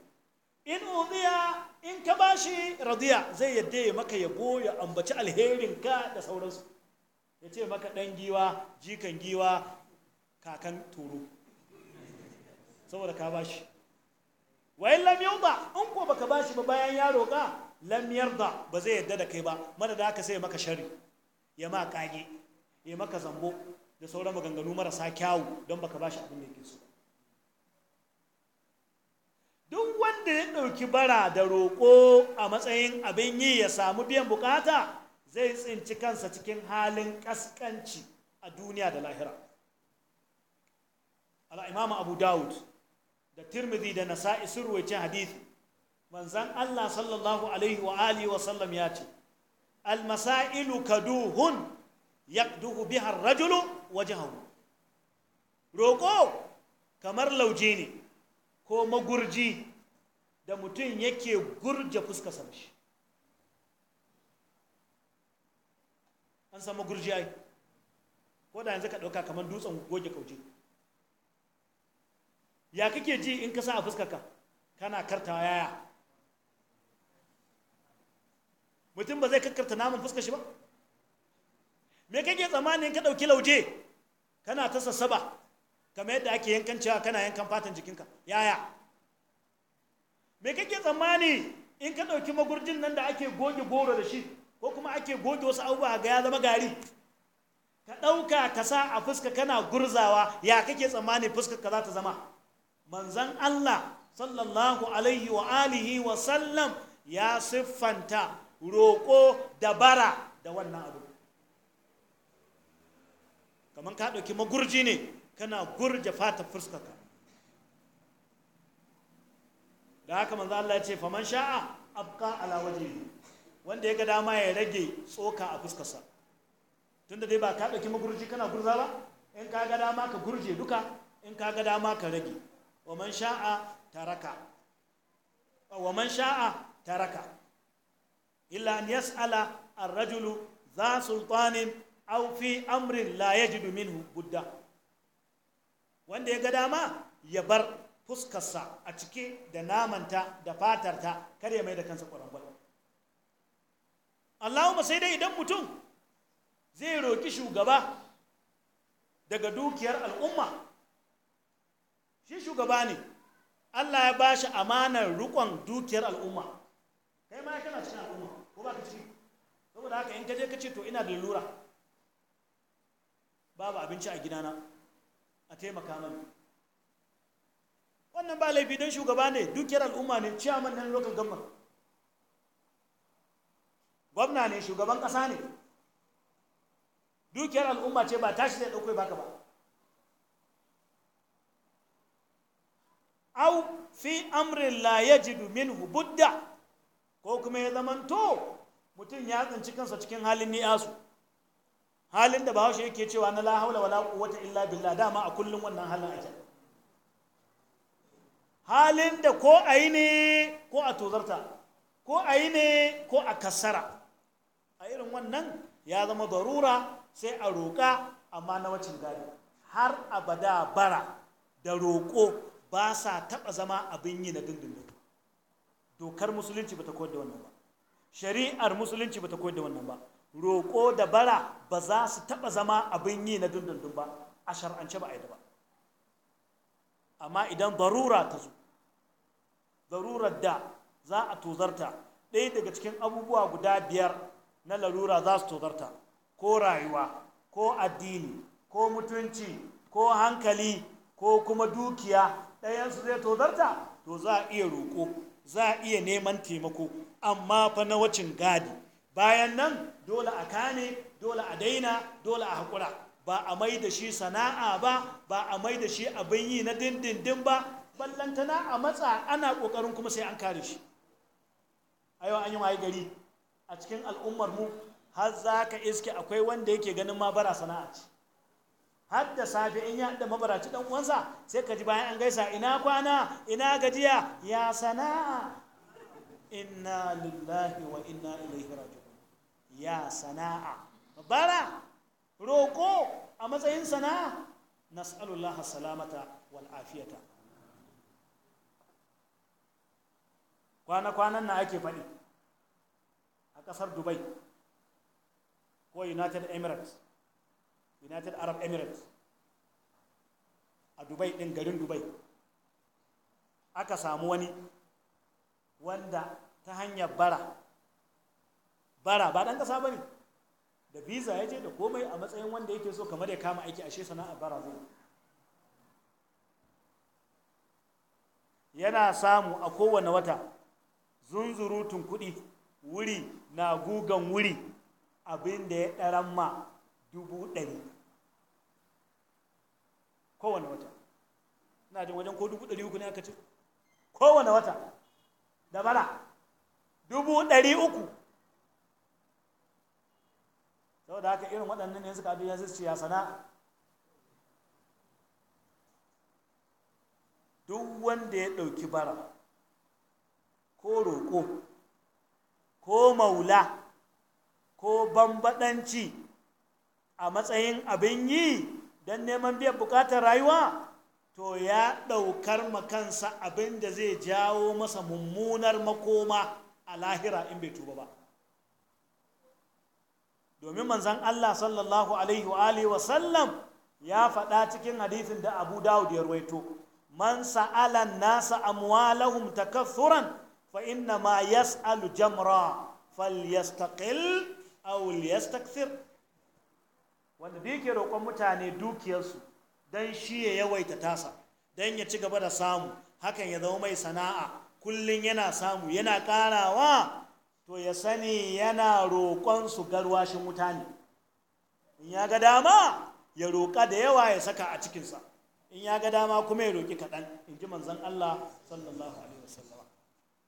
in uziya in ka bashi radiya zai yadda ya maka yabo ya ambaci alherin ka da sauransu ya ce maka ɗan giwa jikan giwa kakan turo saboda ka bashi wayan lam yarda in ko baka bashi ba bayan ya roƙa lam yarda ba zai yadda da kai ba mana da haka sai maka shari ya ma kage ya maka zambo da sauran maganganu marasa kyawu don baka bashi abin da yake so duk wanda ya ɗauki bara da roƙo a matsayin abin yi ya samu biyan bukata zai tsinci kansa cikin halin ƙasƙanci a duniya da lahira al'imam abu dawud da tirmidhi da nasa'i sun ruwaice hadithi manzan allah sallallahu alaihi wa alihi wa sallam ya ce almasa'ilu kaduhun yaqduhu biha ar-rajulu wajhahu roko kamar lauje ne ko magurji da mutum yake gurje fuskarsa sa shi an san magurji ai ko da yanzu ka dauka kamar dutsen goge kauje ya kake ji in ka sa a fuskarka kana kartawa yaya mutum ba zai kakkarta naman fuskar shi ba me kake tsammanin ka ɗauki lauje kana ta sassaba kamar yadda ake yankan cewa kana yankan fatan jikinka yaya me kake tsammani in ka ɗauki magurjin nan da ake goge goro da shi ko kuma ake goge wasu abubuwa ga ya zama gari ka ɗauka ka sa a fuska kana gurzawa ya kake tsammani fuskar ka za ta zama manzan Allah sallallahu alaihi wa alihi wa sallam ya siffanta roƙo da bara da wannan abu kamar ka ɗauki magurji ne kana gurje fata fuskaka da haka manzo Allah ya ce faman sha'a abqa ala wajhihi wanda ya ga dama ya rage tsoka a fuskarsa tunda dai ba ka ɗauki magurji kana gurza ba in ka ga dama ka gurje duka in ka ga dama ka rage wa man sha'a taraka wa man sha'a taraka illa an yas'ala ar-rajulu za sultanin au fi amrin la yajidu minhu budda wanda ya ga dama ya bar fuskarsa a cike da namanta da fatarta kar ya mai da kansa ƙwarangwal Allahumma sai dai idan mutum zai roƙi shugaba daga dukiyar al'umma shi shugaba ne Allah ya ba shi amanar rukon dukiyar al'umma kai ma kana cikin al'umma ko ba ka ciki saboda haka in ka je ka ce to ina da lura babu abinci a gidana a taimaka mana wannan ba laifi don shugaba ne dukiyar al'umma ne ciyaman nan local government gwamna ne shugaban ƙasa ne dukiyar al'umma ce ba tashi zai ɗauko baka ba au fi amrin la yajidu minhu budda ko kuma ya zamanto mutum ya tsinci kansa cikin halin ni'asu halin da bahaushe yake cewa na la haula wala quwwata illa billah dama a kullum wannan halin ake halin da ko a yi ne ko a tozarta ko a yi ne ko a kasara a irin wannan ya zama barura sai a roƙa amma na wacin gari har abada bara da roƙo ba sa taɓa zama abin yi na dindindin dokar musulunci ba ta koyar da wannan ba shari'ar musulunci ba ta koyar da wannan ba roƙo da bara ba za su taɓa zama abin yi na dundundun ba a shar'ance ba a yi da ba amma idan Barura ta zo zarurar da za a tozarta ɗaya daga cikin abubuwa guda biyar na larura za su tozarta ko rayuwa ko addini ko mutunci ko hankali ko kuma dukiya ɗayansu zai tozarta to za a iya roƙo za a iya neman taimako amma fa na wacin gadi bayan nan dole a kane, dole a daina dole a haƙura ba a mai da shi sana'a ba ba a mai da shi abin yi na dindindin ba ballantana a matsa ana ƙoƙarin kuma sai an kare shi a yau an yi waye gari a cikin al'ummar mu har za ka iske akwai wanda yake ganin ma bara sana'a ce har da safe in ya da mabaraci dan uwansa sai ka ji bayan an gaisa ina kwana ina gajiya ya sana'a inna lillahi wa inna ilaihi raji'un ya sana'a bara roko a matsayin sana'a nas'alullaha salamata wal afiyata kwana-kwanan na ake faɗi a ƙasar dubai ko united emirates united arab emirates a dubai ɗin garin dubai aka samu wani wanda ta hanyar bara bara ba ɗan ƙasa ba ne da visa ya je da komai a matsayin wanda yake so kamar ya kama aiki ashe sana'ar bara zai yana samu a kowane wata zunzurutun kuɗi wuri na gugan wuri abin da ya ɗaran ma dubu ɗari kowane wata ina jin wajen ko dubu ɗari uku ne aka ce kowane wata da bara dubu ɗari uku da haka irin waɗannan ne suka duniya su ciya sana duk wanda ya ɗauki bara ko roƙo ko maula ko bambaɗanci a matsayin abin yi don neman biyan buƙatar rayuwa to ya ɗaukar makansa abin da zai jawo masa mummunar makoma a lahira in bai tuba ba domin manzan Allah sallallahu alaihi wa alihi wa sallam ya faɗa cikin hadithin da Abu Dawud ya rawaito man sa'ala nasa amwalahum kafuran fa inna ma yas'alu jamra falyastaqil aw liyastakthir wanda da yake roƙon mutane dukiyarsu dan shi ya yawaita tasa dan ya ci gaba da samu hakan ya zama mai sana'a Kullum yana samu yana ƙarawa to ya sani yana roƙon su garwashin wuta ne in ya ga dama ya roƙa da yawa ya saka a cikinsa in ya ga dama kuma ya roƙi kaɗan in ji manzan Allah sallallahu alaihi wasallam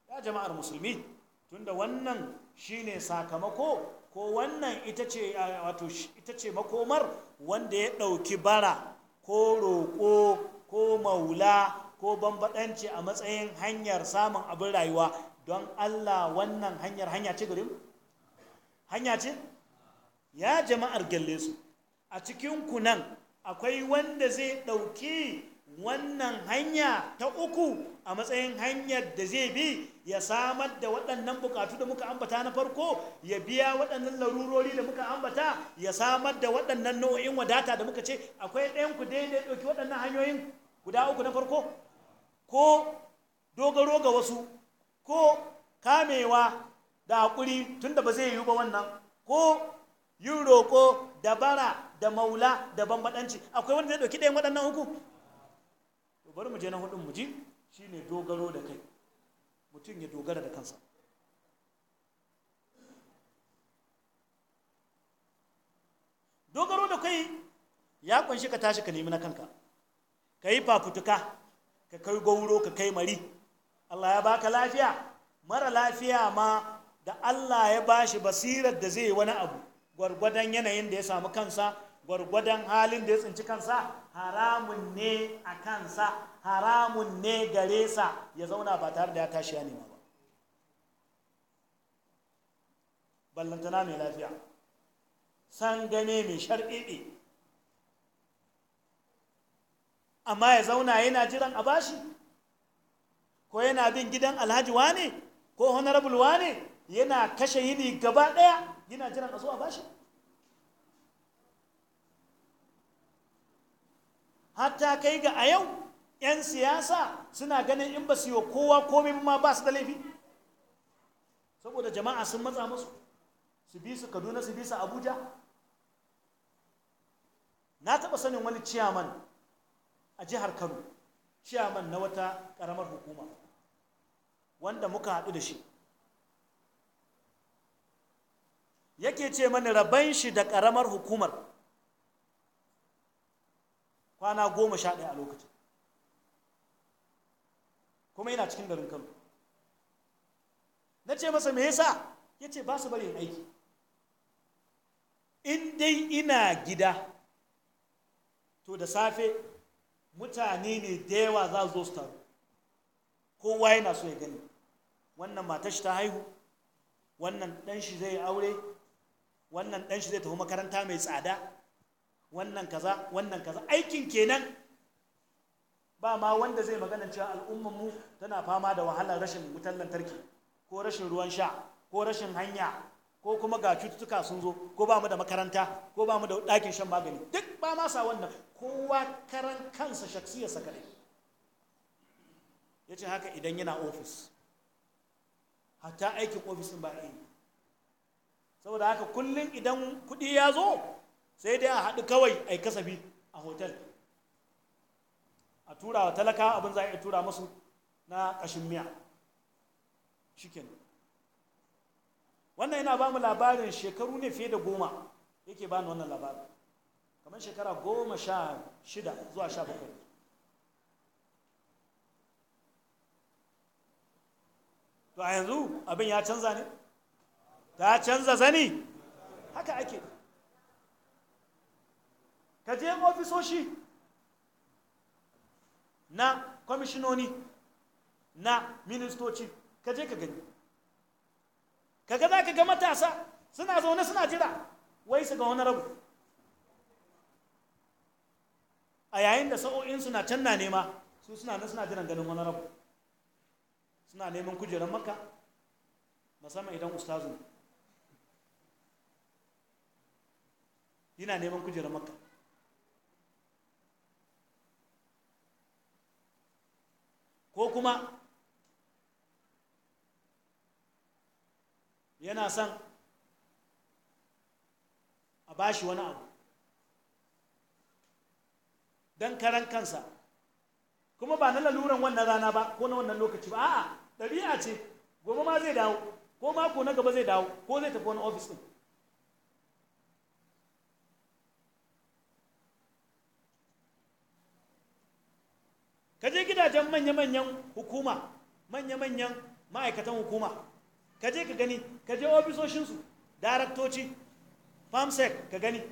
ya jama'ar musulmi tunda wannan shine sakamako ko wannan ita ce makomar wanda ya ɗauki bara ko roƙo ko maula ko bambaɗanci a matsayin hanyar samun abin rayuwa don Allah wannan hanyar hanya ce gare mu hanya ce ya jama'ar gyalle su a cikin kunan nan akwai wanda zai ɗauki wannan hanya ta uku a matsayin hanyar da zai bi ya samar da waɗannan bukatu da muka ambata na farko ya biya waɗannan larurori da muka ambata ya samar da waɗannan nau'in wadata da muka ce akwai ɗayan ku daidai ɗauki waɗannan hanyoyin guda uku na farko ko dogaro ga wasu ko kamewa da haƙuri da ba zai yiwu ba wannan ko yin roƙo da bara da maula da bambaɗanci akwai wanda zai ɗauki ɗayan waɗannan uku to bari mu je na hudun mu ji shine dogaro da kai mutum ya dogara da kansa dogaro da kai ya kunshi ka tashi ka nemi na kanka ka yi fafutuka ka kai gauro ka kai mari Allah ya baka lafiya mara lafiya ma da Allah ya bashi basirar da zai wani abu gwargwadon yanayin da ya samu kansa gwargwadon halin da ya tsinci kansa haramun ne a kansa haramun ne gare sa ya zauna ba tare da ya tashi ya nema ba ballantana mai lafiya san game mai sharɗiɗi amma ya zauna yana jiran a bashi ko yana bin gidan alhaji wane ko honorable wane yana kashe yini gaba ɗaya yana jiran a zo a bashi hatta kai ga a yau 'yan siyasa suna ganin in ba su yi kowa komi ma ba su da laifi saboda jama'a sun matsa musu su bi su kaduna su bi su abuja na taɓa sanin wani ciyaman a jihar kano ciyaman na wata ƙaramar hukuma wanda muka haɗu da shi yake ce mana rabon shi da ƙaramar hukumar kwana goma sha ɗaya a lokacin kuma yana cikin garin kano na ce masa me yasa ya ce ba su bari aiki in dai ina gida to da safe mutane ne da yawa za su zo su taru kowa yana so ya gani wannan matashi ta haihu wannan ɗanshi zai yi aure wannan ɗanshi zai tafi makaranta mai tsada wannan kaza wannan kaza aikin kenan ba ma wanda zai magana cewa mu tana fama da wahalar rashin wutar lantarki ko rashin ruwan sha ko rashin hanya ko kuma ga cututtuka sun zo ko ba mu da makaranta ko ba mu da ɗakin shan magani duk ba ma sa wannan kowa karan kansa shaksiyarsa kadai ya ce haka idan yana ofis hatta aikin ofisin ba yi saboda haka kullum idan kudi ya zo sai dai a haɗu kawai a yi kasafi a hotel a tura wa talaka abin za a iya tura masu na ƙashin miya shikin wannan yana ba mu labarin shekaru ne fiye da goma yake ba ni wannan labarin kamar shekara goma sha shida zuwa sha bakwai to a yanzu abin ya canza ne ta canza zani haka ake ka je ofisoshi na kwamishinoni na ministoci ka je ka gani kaga za ka ga matasa suna zaune suna jira wai su ga wani rabu a yayin da sa'o'in suna canna nema su suna nan suna jiran ganin wani rabu suna neman kujerar maka musamman idan ustazu yana neman kujerar maka ko kuma yana son a bashi wani abu don karan kansa kuma ba na laluran wannan rana ba ko na wannan lokaci ba a'a ɗabi'a ce gobe ma zai dawo ko mako na gaba zai dawo ko zai tafi wani ofis ɗin ka je gidajen manya-manyan hukuma manya-manyan ma'aikatan hukuma ka je ka gani ka je ofisoshinsu daraktoci famsec ka gani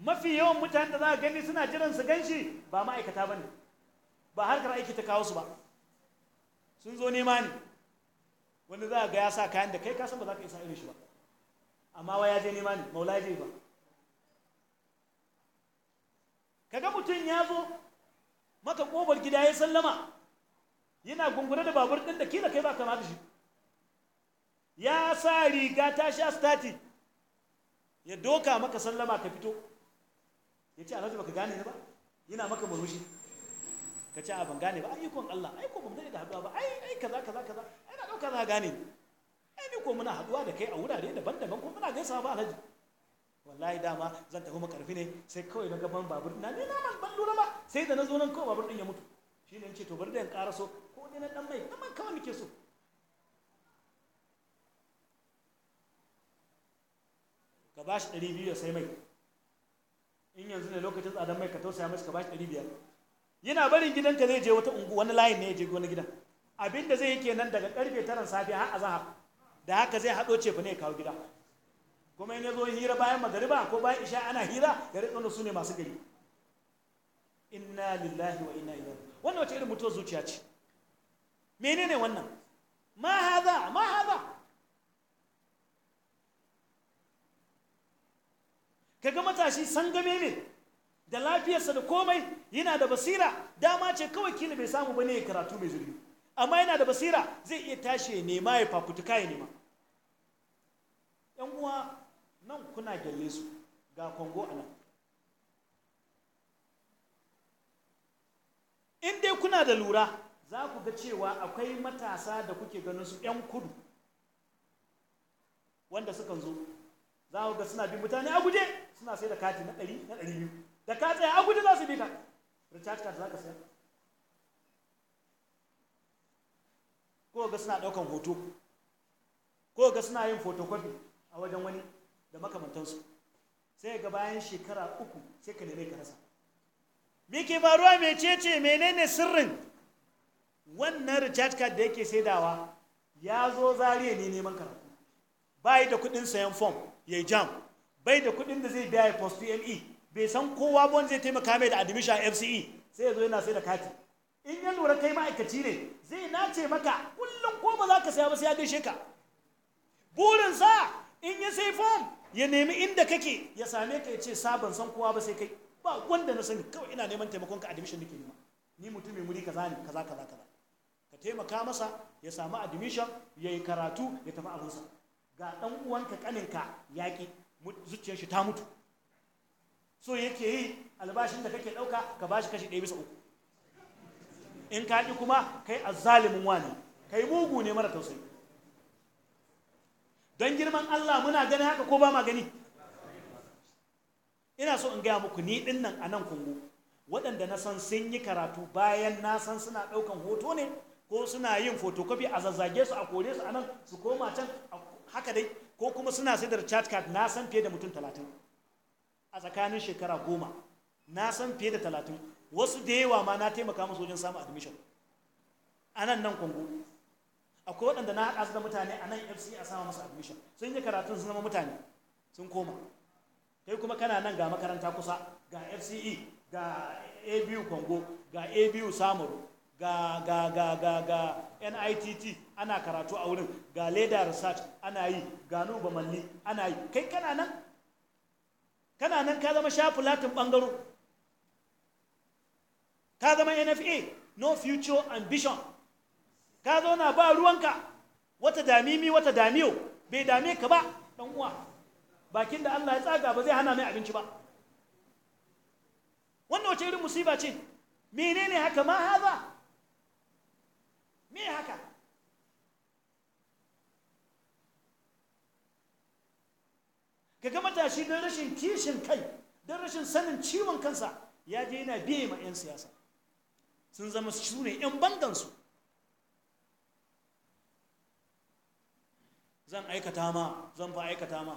mafi yawan mutane da za a gani suna jiran su ganshi ba ma'aikata ba ne ba harkar aiki ta kawo su ba sun zo nema ne wani za ga ya sa kayan da kai ka san ba za ka isa irin shi ba amma wa ya je nema ne maula ya je ba kaga mutum ya zo maka kobar gida ya sallama yana gungure da babur ɗin da kila kai ba kama da shi ya sa riga ta sha stati ya doka maka sallama ka fito ya ce alhaji baka gane ni ba yana maka murmushi ka ce a ban gane ba ayyukan Allah ai ko ba mu dade da haduwa ba ai ai kaza kaza kaza ai na dauka za gane ai ni ko muna haduwa da kai a wurare daban-daban ko muna gaisawa ba alhaji wallahi dama zan tafi makarfi ne sai kawai na gaban babur na ni na man ban lura ba sai da na zo nan kawai babur din ya mutu shi ne ce to bari da in ƙara so ko ne na dan mai na man kawai muke so ka bashi ɗari biyu ya sai mai in yanzu ne lokacin tsadar mai ka tausaya mashi ka bashi ɗari biyar yana barin gidanka zai je wata ungu wani layin ne ya je wani gidan abinda zai yi kenan daga karfe taran safe har azahar da haka zai haɗo ba ne ya kawo gida kuma in ya zo hira bayan magariba ko bayan isha ana hira ya riƙa su ne masu gari inna lillahi wa inna ilaihi wannan wace irin mutuwar zuciya ce menene wannan ma haza ma haza kaga matashi game ne da lafiyarsa da komai yana da basira dama ce kawai kila bai samu bane ya karatu mai zurfi amma yana da basira zai iya tashi ya nema ya fafutuka ya nema yan uwa nan kuna gyalle su ga kongo a nan in dai kuna da lura za ku ga cewa akwai matasa da kuke ganin su 'yan kudu wanda sukan zo za ku ga suna bin mutane a guje suna sai da kati na ɗari na ɗari biyu da ka tsaye a gudu za su bi ka recharge card za ka saya ko ga suna ɗaukan hoto ko ga suna yin photocopy a wajen wani da makamantansu sai ga bayan shekara uku sai ka nemi ka rasa me ke faruwa cece menene sirrin wannan recharge card da yake saidawa ya zo zariya ne neman karatu bai da kudin sayan fom ya jam bai da kudin da zai biya ya post le bai san kowa ba zai taimaka mai da admission FCE sai ya zo yana sai da kati in ya lura kai ma'aikaci ne zai nace maka kullum ko ba za ka saya ba sai ya gaishe ka Burin sa in ya sai fom ya nemi inda kake ya same ka ya ce sabon san kowa ba sai kai ba wanda na sani kawai ina neman taimakon ka admission nake nema ni mutum mai muri kaza ne kaza kaza kaza ka taimaka masa ya samu admission ya yi karatu ya tafi abinsa ga ɗan uwanka kaninka yaƙi zuciyar shi ta mutu so yake yi albashin da kake ɗauka ka ba shi kashi ɗaya bisa uku in ka ƙi kuma kai azalimin wani kai mugu ne mara tausayi don girman Allah muna ganin haka ko ba ma gani ina so in gaya muku ni ɗin nan a nan kungu waɗanda na san sun yi karatu bayan na san suna ɗaukan hoto ne ko suna yin fotokofi a zazzage su a kore su a nan su koma can haka dai ko kuma suna sai da chat card na san fiye da mutum talatin a tsakanin shekara goma na san fiye da talatin wasu da yawa ma na taimaka musu wajen samun admission a nan nan kwango akwai waɗanda na haɗa su da mutane a nan fc a samun musu admission sun yi karatun sun zama mutane sun koma kai kuma kana nan ga makaranta kusa ga fce ga abu kwango ga abu samaru ga ga ga ga ga nitt ana karatu a wurin ga leda research ana yi ga nuba malli ana yi kai kana nan kana nan ka zama shafulatin ɓangaro ka zama nfa no future ambition ka zo na ba ruwanka wata damimi wata damiyo bai dame ka ba ɗan uwa bakin da allah ya tsaga ba zai hana mai abinci ba wannan wace irin musiba ce menene haka ma haza me haka kaga matashi don rashin kishin kai don rashin sanin ciwon kansa ya je yana biye ma 'yan siyasa sun zama su ne 'yan bangansu zan aikata ma zan fa aikata ma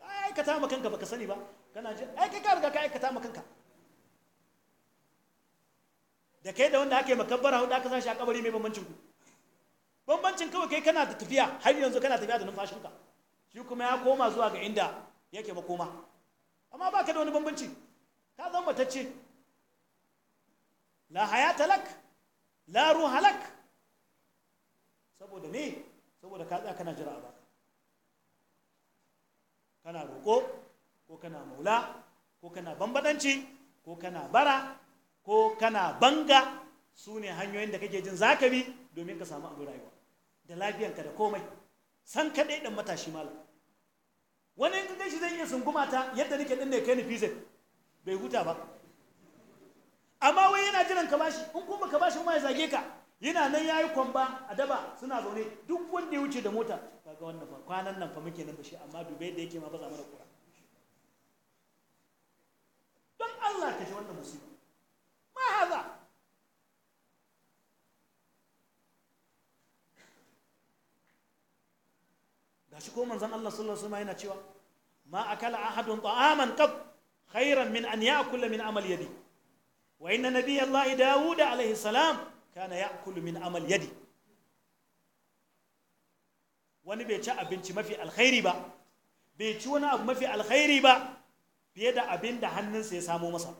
ka aikata ma kanka baka sani ba kana ji ai kai ka riga ka aikata ma kanka da kai da wanda ake makabbara hudu aka sashi a kabari mai bambancin ku bambancin kawai kai kana da tafiya har yanzu kana tafiya da numfashinka shi kuma ya koma zuwa ga inda yake makoma amma ba ka da wani bambanci ka zama matacce la hayata lak la ruha lak saboda me saboda ka tsaya kana jira ba kana roƙo ko kana maula ko kana bambadanci ko kana bara ko kana banga su ne hanyoyin da kake jin zakari domin ka samu abin rayuwa da lafiyanka da komai san kaɗai ɗan matashi malam wani in shi zai iya sunguma ta yadda nake din ne kai ni fizin bai huta ba amma wai yana jiran ka bashi in kuma ka bashi ma ya zage ka yana nan yayi kwamba a daba suna zaune duk wanda ya wuce da mota kaga wannan fa kwanan nan fa muke nan da shi amma dubai da yake ma ba za mu da kura don Allah ka ji wannan musiba ma haza shi ko manzon Allah sallallahu alaihi yana cewa ma akala ahadun ta'aman qab khairan min an ya'kula min amal yadi wa inna nabiyallahi Dawud alaihi salam kana ya'kulu min amal yadi wani bai ci abinci mafi alkhairi ba bai ci wani abu mafi alkhairi ba fiye da abin da hannunsa ya samo masa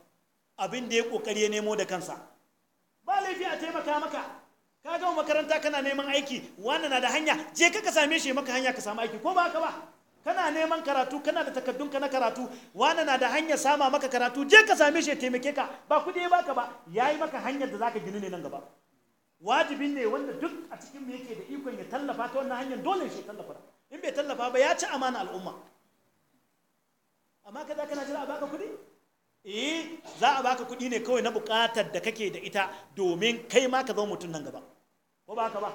abin da ya kokari ya nemo da kansa ba laifi a taimaka maka ka gama makaranta kana neman aiki wannan na da hanya je ka ka same shi maka hanya ka samu aiki ko ba haka ba kana neman karatu kana da takaddun ka na karatu wannan na da hanya sama maka karatu je ka same shi ya taimake ka ba kuɗi baka ba yayi maka hanyar da zaka gina ne nan gaba wajibin ne wanda duk a cikin mu yake da ikon ya tallafa ta wannan hanyar dole shi tallafa in bai tallafa ba ya ci amana al'umma amma kada kana jira a baka kuɗi eh za a baka kuɗi ne kawai na buƙatar da kake da ita domin kai ma ka zama mutum nan gaba ko ba ka ba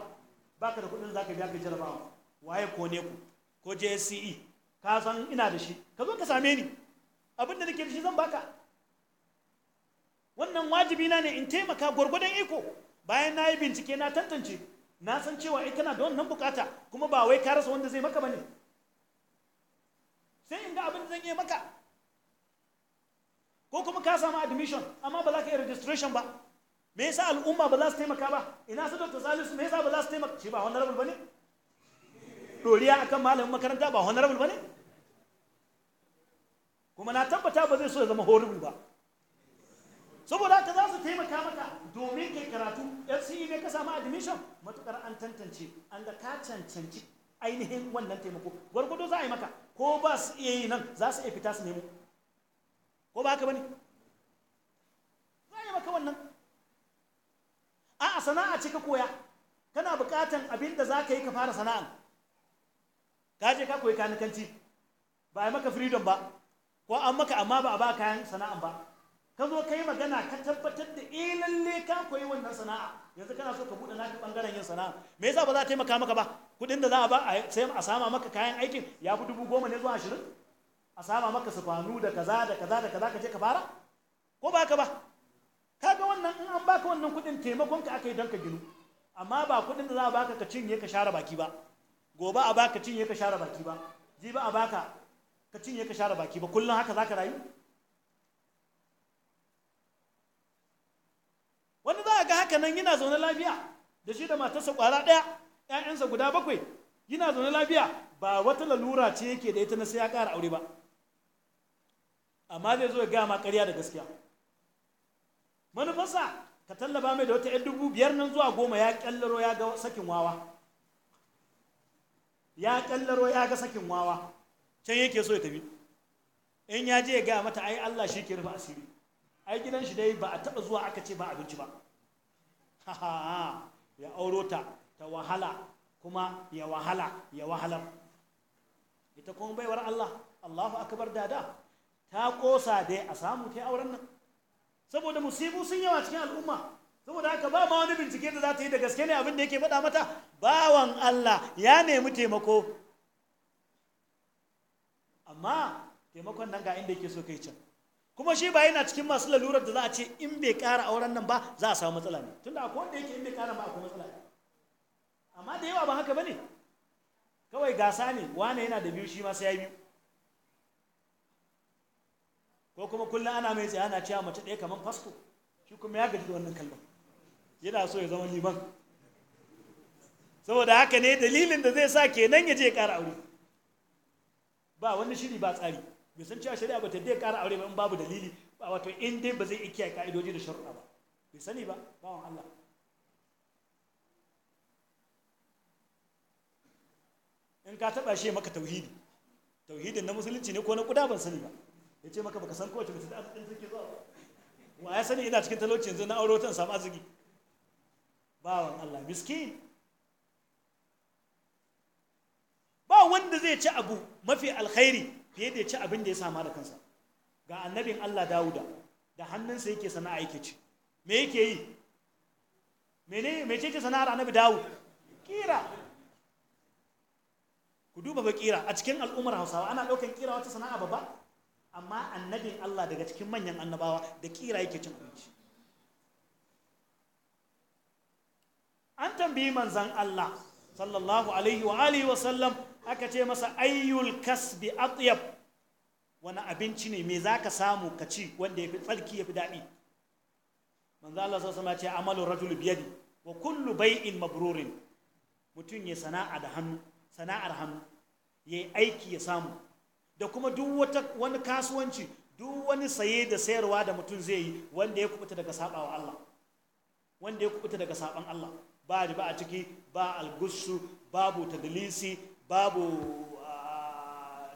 ba ka da kuɗin za ka biya ka jarabawa waye ko ne ku ko JCE. ka san ina da shi ka zo ka same ni abin da nake da shi zan baka wannan wajibi na ne in taimaka gwargwadon iko bayan na yi bincike na tantance na san cewa ita eh, na da wannan bukata kuma ba wai ka rasa wanda zai maka ba ne. sai in ga abin da zan yi maka ko kuma ka samu admission amma ba za ka yi registration ba me yasa al'umma ba za su taimaka ba ina su dr salisu me yasa ba za su taimaka shi ba ne? bane doriya akan malamin makaranta ba ba ne? kuma na tabbata ba zai so ya zama horrible ba saboda ta za su taimaka maka domin kai karatu fce ne ka samu admission matukar an tantance an da ka cancanci ainihin wannan taimako gwargwado za a yi maka ko ba su iya yi nan za su iya fita su nemo ko ba haka ba za ya maka wannan a'a sana'a ce ka koya kana bukatan abin da za ka yi ka fara sana'a ka je ka koyi kanikanci ba a maka freedom ba ko an maka amma ba a ba kayan sana'an ba ka zo ka yi magana ka tabbatar da eh lalle ka koyi wannan sana'a yanzu kana so ka buɗe naka ɓangaren yin sana'a me yasa ba za a taimaka maka ba kuɗin da za a ba a sama maka kayan aikin ya fi dubu goma ne zuwa ashirin a sama maka sufanu da kaza da kaza da kaza ka je ka fara ko ba ka ba kaga wannan in an baka wannan kuɗin taimakon ka aka yi don ka ginu amma ba kuɗin da za a baka ka cinye ka share baki ba gobe a baka cinye ka share baki ba ba a baka ka cinye ka share baki ba kullum haka za ka rayu wani za a ga haka nan yana zaune lafiya da shi da matarsa kwara ɗaya ‘ya'yansa guda bakwai yana zaune lafiya ba wata lalura ce yake da ita na sai ya ƙara aure ba amma zai zo ya gaya ma ƙarya da gaskiya manufarsa ka tallaba mai da wata 'yan dubu biyar nan zuwa goma ya kyallaro ya ga sakin wawa ya kyallaro ya ga sakin wawa can yake so ya tafi in ya je ya gaya mata ai Allah shi ke rufe asiri ai gidan shi dai ba a taɓa zuwa aka ce ba abinci ba ya auro ta ta wahala kuma ya wahala ya wahalar ita kuma baiwar Allah Allahu akbar dada ta ƙosa dai a samu ta auren nan saboda musibu sun yawa cikin al'umma saboda haka ba ma wani bincike da za ta yi da gaske ne abin da yake faɗa mata bawan Allah ya nemi taimako amma taimakon nan ga inda yake so kai can kuma shi ba yana cikin masu lalurar da za a ce in bai ƙara auren nan ba za a samu matsala ne tunda akwai wanda yake in bai ƙara ba akwai matsala ne amma da yawa ba haka bane kawai gasa ne wane yana da biyu shi ma sai ya biyu ko kuma kullum ana mai tsaye ana cewa mace ɗaya kamar fasko shi kuma ya gaji da wannan kallon yana so ya zama liman saboda haka ne dalilin da zai sa kenan ya je ya ƙara aure ba wani shiri ba tsari bai san cewa shari'a ba ta dai ƙara aure ba in babu dalili ba wato in dai ba zai iya ka'idoji da shari'a ba bai sani ba bawan Allah in ka taɓa shi maka tauhidi tauhidin na musulunci ne ko na kuda ban sani ba ya ce maka baka san kowace mace da arzikin take zuwa wa ya sani ina cikin talauci yanzu na aure ta samu arziki bawan Allah miskin ba wanda zai ci abu mafi alkhairi fiye da ya ci abin da ya sama da kansa ga annabin Allah Dawuda da hannunsa yake sana'a yake ci me yake yi mene mece ce sana'ar annabi Dawud kira ku duba ba kira a cikin al'ummar Hausawa ana daukan kira wata sana'a babba amma annabin Allah daga cikin manyan annabawa da kira yake cin abinci an tambayi manzan Allah sallallahu alaihi wa alihi wa sallam aka ce masa ayyul kasbi atyab wani abinci ne me zaka samu ka ci wanda yafi tsarki yafi daɗi manzo Allah sallallahu alaihi ce amalu rajul biyadi wa kullu bai'in mabrurin mutum ya sana'a da hannu sana'ar hannu yayi aiki ya samu da kuma duk wata wani kasuwanci duk wani saye da sayarwa da mutum zai yi wanda ya kubuta daga saba wa Allah wanda ya kubuta daga saban Allah ba ba a ciki ba algussu babu tadlisi babu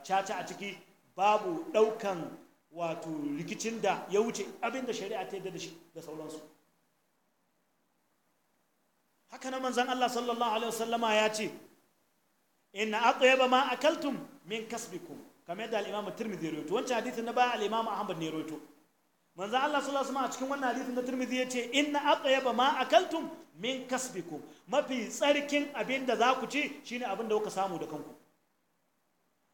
caca a ciki babu daukan wato rikicin da ya wuce abin da shari'a ta yadda da shi da sauransu haka na manzan Allah sallallahu alaihi wasallama ya ce inna ba ma akaltum min kasbikum kamar yadda al-Imam ya rawaito wancan hadisin na baya al-Imam Ahmad ne ya rawaito Allah sallallahu alaihi wasallam a cikin wannan hadisin na Tirmidhi yace inna yaba ma a akaltum min kasbikum mafi tsarkin abin da za ku ci shine abin da kuka samu da kanku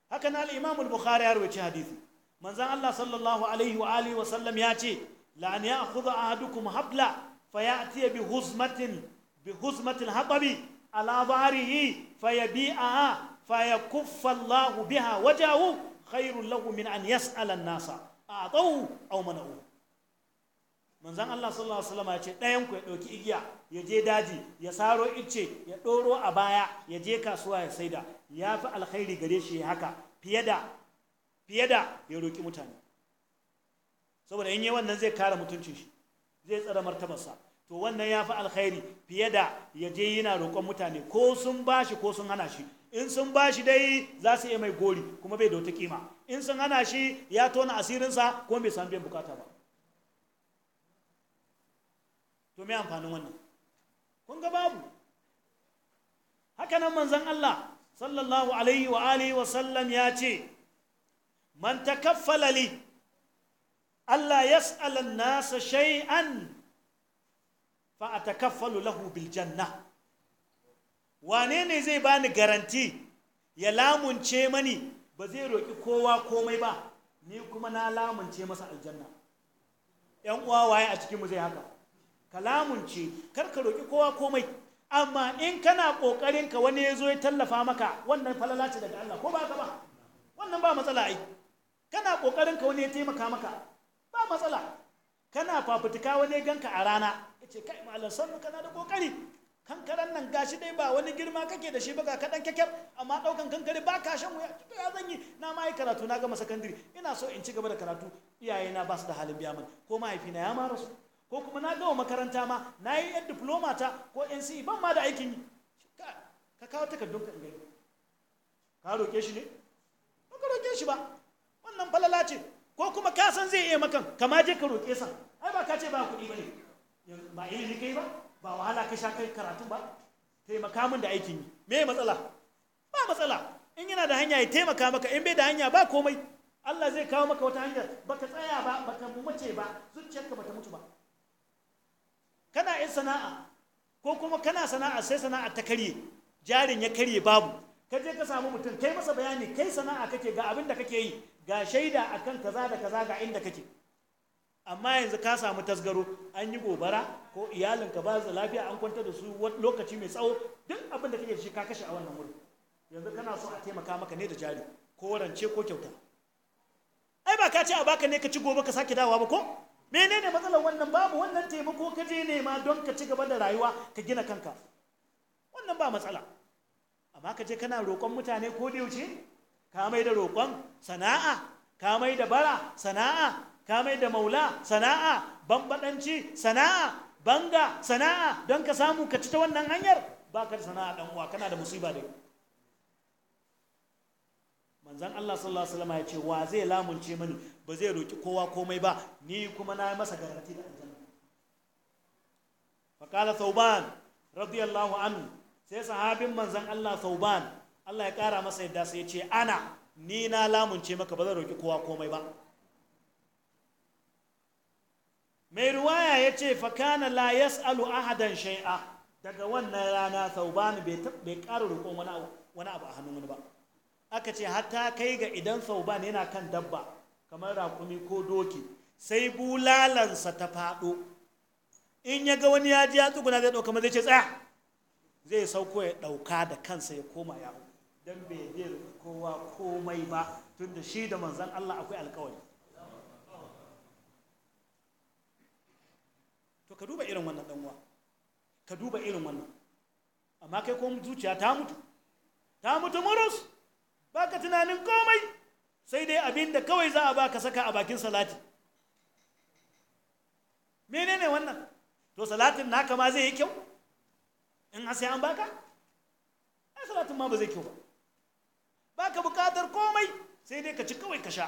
haka na al-Imam al-Bukhari ya rawaito hadithi manzo Allah sallallahu alaihi wa alihi wasallam yace la an ya'khudha ahadukum habla fayati bi huzmatin bi huzmatil hatabi ala dharihi fayabi'aha فيكف الله بها وجهه خير له من أن يسأل الناس أعطوه أو منعوه manzan Allah sallallahu alaihi wasallam ya ce ɗayan ku ya ɗauki igiya ya je daji ya saro icce, ya ɗoro a baya ya je kasuwa ya saida ya fi alkhairi gare shi ya haka fiye da fiye da ya roƙi mutane saboda in yi wannan zai kare mutuncin shi zai tsara martabarsa to wannan ya fi alkhairi fiye da ya je yana roƙon mutane ko sun ba shi ko sun hana shi in sun ba shi dai za su iya mai gori kuma bai da wata kima in sun hana shi ya tona asirinsa kuma bai san biyan bukata ba to amfanin wannan kun ga babu hakanan manzon Allah sallallahu alaihi wa alihi wa sallam ya ce man takaffala li Allah yas'al an-nas shay'an fa atakaffalu lahu bil jannah wane ne zai bani garanti ya lamunce mani ba zai roƙi kowa komai ba ni kuma na lamunce masa aljanna ‘yan uwa waye a cikinmu zai haka ka lamunce kar ka roƙi kowa komai amma in kana ƙoƙarin ka wani ya zo ya tallafa maka wannan falala ce daga Allah ko ba ka ba wannan ba matsala ai kana ƙoƙarin ka wani ya taimaka maka ba matsala kana fafutuka wani ya ganka a rana ya ce kai malam sannu kana da ƙoƙari kankaran nan gashi dai ba wani girma kake da shi ba ga kaɗan kyakkyar amma ɗaukan kankare ba ka shan wuya to ya zan yi na ma yi karatu na gama sakandare ina so in ci gaba da karatu iyayena ba su da halin biya mana. ko mahaifina ya ma rasu ko kuma na gama makaranta ma na yi yan diploma ta ko NCE ban ma da aikin yi ka kawo takardun ka gani ka roke shi ne ba ka roke shi ba wannan falala ce ko kuma ka san zai iya makan kama je ka roke sa ai ba ka ce ba kuɗi ba ne ba ilimi kai ba ba wahala ka sha kai karatu ba taimaka min da aikin yi me matsala ba matsala in yana da hanya ya taimaka maka in bai da hanya ba komai Allah zai kawo maka wata hanyar baka tsaya ba baka mace ba zuciyarka bata mutu ba kana in sana'a ko kuma kana sana'a sai sana'a ta karye jarin ya karye babu ka je ka samu mutum kai masa bayani kai sana'a kake ga abin da kake yi ga shaida akan kaza da kaza ga inda kake amma yanzu ka samu tasgaro an yi gobara ko iyalinka ba su lafiya an kwanta da su lokaci mai tsawo duk abin da kake shi ka kashe a wannan wurin yanzu kana so a taimaka maka ne da jari ko rance ko kyauta ai ba ka ce a baka ne ka ci gobe ka sake dawowa ba ko menene matsalar wannan babu wannan taimako ka je nema don ka ci gaba da rayuwa ka gina kanka wannan ba matsala amma ka je kana roƙon mutane ko da yaushe ka mai da roƙon sana'a ka mai da bara sana'a ka mai da maula sana'a bambadanci sana'a banga sana'a don ka samu ka ci ta wannan hanyar ba ka sana'a dan uwa kana da musiba dai manzan Allah sallallahu alaihi wasallam ya ce wa zai lamunce mani ba zai roki kowa komai ba ni kuma na masa garanti da aljanna faqala thauban radiyallahu anhu sai sahabin manzan Allah thauban Allah ya kara masa yadda sai ya ce ana ni na lamunce maka ba zai roki kowa komai ba mai ruwaya ya ce fakana la yas'alu ahadan shai'a daga wannan rana sauban bai ƙara roƙon wani abu a hannun wani ba aka ce hatta kai ga idan sauban yana kan dabba kamar rakumi ko doki sai bulalansa ta faɗo in ya ga wani ya ji ya tsuguna zai ɗauka zai ce tsaya zai sauko ya ɗauka da kansa ya koma yawo don bai kowa komai ba tun da shi da manzan Allah akwai alkawari to ka duba irin wannan ɗanwa ka duba irin wannan amma kai kuma zuciya ta mutu ta mutu murus ba ka tunanin komai sai dai abin da kawai za a ba ka saka a bakin salati menene wannan to salatin naka ma zai yi kyau in sai an baka ai salatin ma ba zai kyau ba ba ka bukatar komai sai dai ka ci kawai ka sha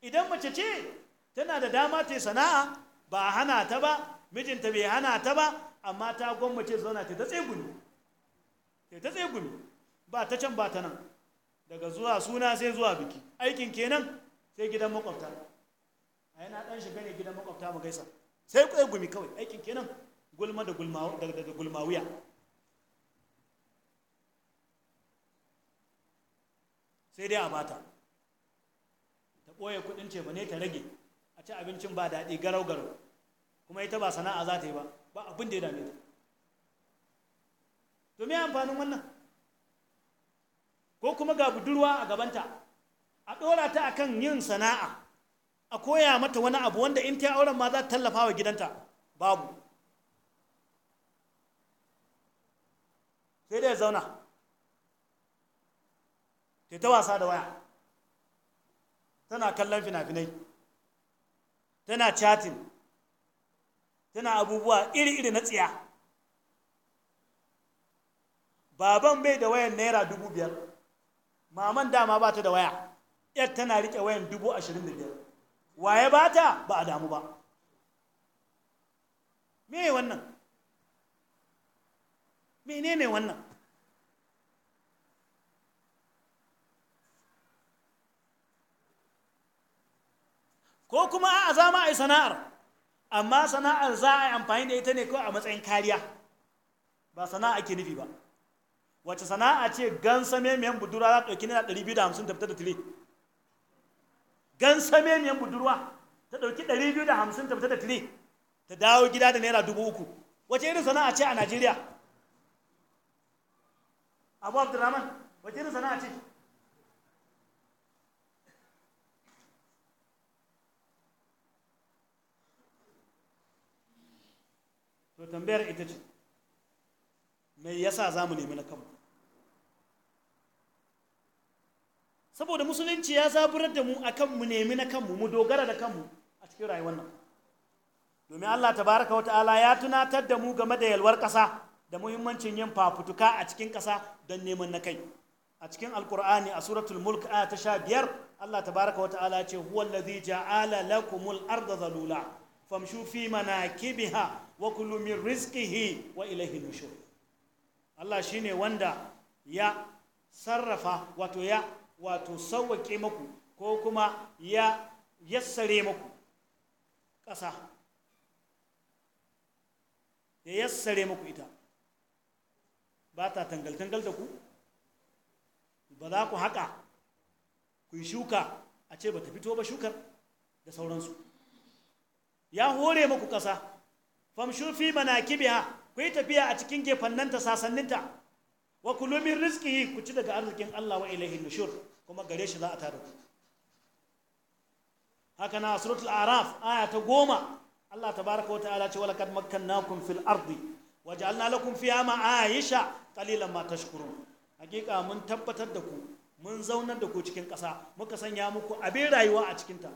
idan mace ce tana da dama ta sana'a ba a hana ta ba mijinta bai hana ta ba amma ta gwammace zauna ta ta tsegumi ta ta tsegumi ba ta can ba ta nan daga zuwa suna sai zuwa biki aikin kenan sai gidan makwabta a yana dan shiga ne gidan makwabta mu gaisa sai tsegumi kawai aikin kenan gulma da wuya. sai dai a bata ta ɓoye kuɗin ce ba ne ta rage a ci abincin ba daɗi garau garau kuma ita ba sana'a za ta yi ba ba abin da ya dame ta to me amfanin wannan ko kuma ga budurwa a gabanta a ɗora ta akan yin sana'a a koya mata wani abu wanda in ta auren ma za ta tallafa wa gidanta babu sai dai zauna ta ta wasa da waya tana kallon fina-finai tana chatting tana abubuwa iri-iri na tsiya baban bai da wayan naira dubu biyar maman dama ba ta da waya yar tana rike wayan dubu ashirin da biyar waye ba ta ba a damu ba me wannan menene wannan ko kuma a za ma a yi sana'ar amma sana'ar za a yi amfani da ita ne ko a matsayin kariya ba sana'a ke nufi ba wace sana'a ce gansa memiyan budurwa za ta ɗauki naira ɗari biyu da hamsin ta fita da tile gansa memiyan budurwa ta ɗauki ɗari biyu da hamsin ta fita da tile ta dawo gida da naira dubu uku wace irin sana'a ce a najeriya abu abdurrahman wace irin sana'a ce to tambayar ita ce me yasa za mu nemi na kanmu saboda musulunci ya zaburar da mu a kan mu nemi na kanmu mu dogara da kanmu a cikin rayuwar nan domin Allah tabaraka wata'ala ya tunatar da mu game da yalwar ƙasa da muhimmancin yin fafutuka a cikin ƙasa don neman na kai a cikin alkur'ani a suratul mulk a ta sha biyar Allah tabaraka wata'ala ce huwa allazi ja'ala lakumul arda zalula famshu fi manakibiha wa kulu min rizqihi wa ilaihi nushur Allah shine wanda ya sarrafa wato ya wato sawwake muku ko kuma ya yassare muku ƙasa ya yassare muku ita ba ta tangal-tangal da ku ba za ku haƙa ku yi shuka a ce ba ta fito ba shukar da sauransu ya hore muku ƙasa famshu fi manakibiha ku yi tafiya a cikin gefannanta sasanninta wa kulumin rizqihi ku ci daga arzikin Allah wa ilaihi nushur kuma gare shi za a tada haka na suratul araf aya ta goma Allah tabaraka wa ta'ala ce walakad makkannakum fil ardi waja'alna lakum fiha ma'aisha qalilan ma tashkurun hakika mun tabbatar da ku mun zaunar da ku cikin ƙasa muka sanya muku abin rayuwa a cikin ta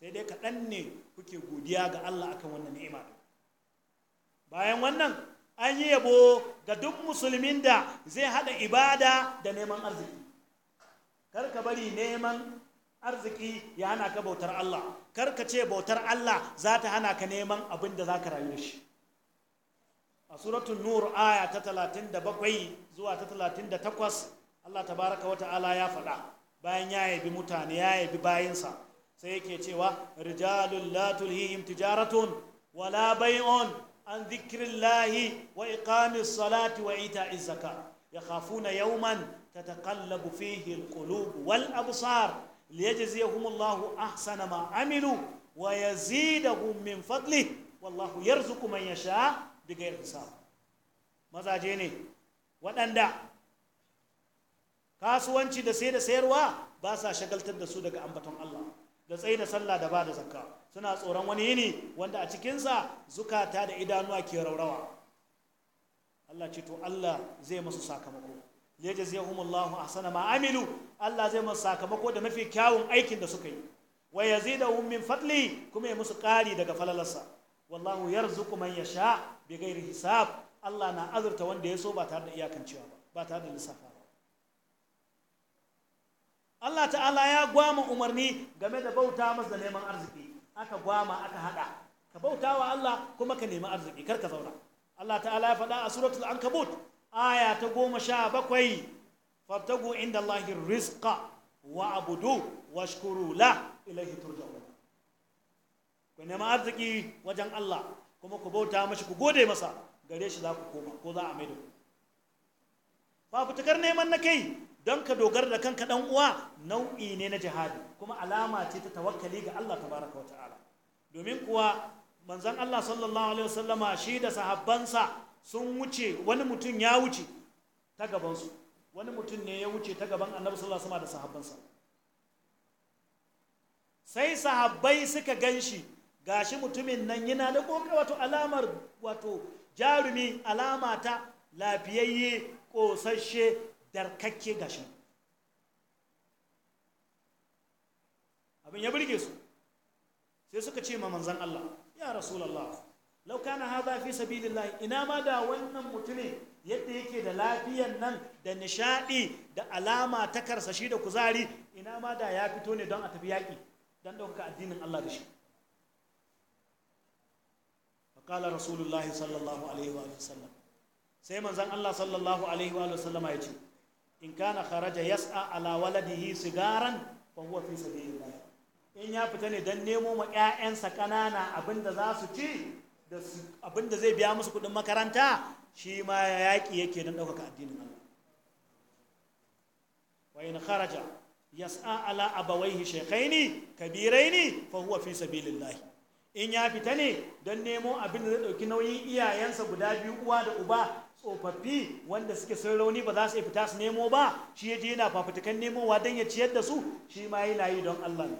sai dai kaɗan ne kuke godiya ga Allah akan wannan ni'ima bayan wannan an yi yabo ga duk musulmin da zai haɗa ibada da neman arziki kar ka bari neman arziki ya hana ka bautar Allah kar ka ce bautar Allah za ta hana ka neman abin da za ka rayu da shi a suratun nur aya ta bakwai zuwa ta talatin da takwas Allah ta baraka wata ala ya faɗa bayan ya yabi mutane ya yabi bayinsa sai yake cewa rijalun latul hihim tijaratun wala bay'un an zikrillahi wa iqamis salati wa ita'iz zaka yakhafuna yawman tataqallabu fihi alqulub wal absar liyajziyahum Allahu ahsana ma amilu wa yazidahum min fadli wallahu yarzuqu man yasha bighayri hisab mazaje ne waɗanda kasuwanci da sai da sayarwa ba sa shagaltar da su daga ambaton Allah da tsaye da sallah da ba da zakka suna tsoron wani yini wanda a cikinsa zukata da idanuwa ke raurawa Allah ce to Allah zai masu sakamako leje zai humullahu ahsana ma amilu Allah zai masu sakamako da mafi kyawun aikin da suka yi wa yazidahum hummin fadli kuma ya musu ƙari daga falalarsa wallahu yarzuqu man sha bi ghairi hisab Allah na azurta wanda ya so ba tare da iyakancewa ba ba tare da lissafa Allah ta'ala ya gwama umarni game da bauta masa da neman arziki aka gwama aka haɗa ka bauta wa Allah kuma ka nemi arziki kar ka zauna Allah ta'ala ya faɗa a suratul ankabut aya ta goma sha bakwai Fatago. inda Allahi rizqa wa abudu wa shkuru la ilaihi ku nemi arziki wajen Allah kuma ku bauta mashi ku gode masa gare shi za ku koma ko za a mai da ku fafutukar neman na kai don ka dogara da kanka dan uwa nau'i ne na jihadi kuma alama ce ta tawakkali ga Allah tabaraka wa ta'ala domin kuwa manzon Allah sallallahu alaihi wasallama shi da sahabbansa sun wuce wani mutum ya wuce ta gabansu wani mutum ne ya wuce ta gaban annabi sallallahu alaihi da sahabbansa sai sahabbai suka ganshi gashi mutumin nan yana da kokawa wato alamar wato jarumi alama ta lafiyayye kosasshe darkakke gashin abin ya birge su sai suka ce ma manzan Allah ya rasulallah laukana kana haza fi sabilillah ina ma da wannan mutumin yadda yake da lafiyan nan da nishadi da alama ta karsashi da kuzari ina ma da ya fito ne don a tafi yaƙi don ɗauka addinin Allah da shi faƙala rasulullahi sallallahu alaihi wa sallam sai manzan Allah sallallahu alaihi wa sallama ya ce in kana kharaja yas'a ala waladihi sigaran fa huwa fi sabilillah in ya fita ne dan nemo ma ƴaƴansa kanana abinda za su ci da abinda zai biya musu kuɗin makaranta shi ma yaƙi yake don ɗaukaka addinin Allah wa in kharaja yas'a ala abawaihi shaykhaini kabiraini fa huwa fi sabilillah in ya fita ne don nemo abin da zai ɗauki nauyin iyayensa guda biyu uwa da uba tsofaffi wanda suke sun rauni ba za su fita su nemo ba shi ya je yana fafutukan nemowa don ya ciyar da su shi ma yana yi don Allah ne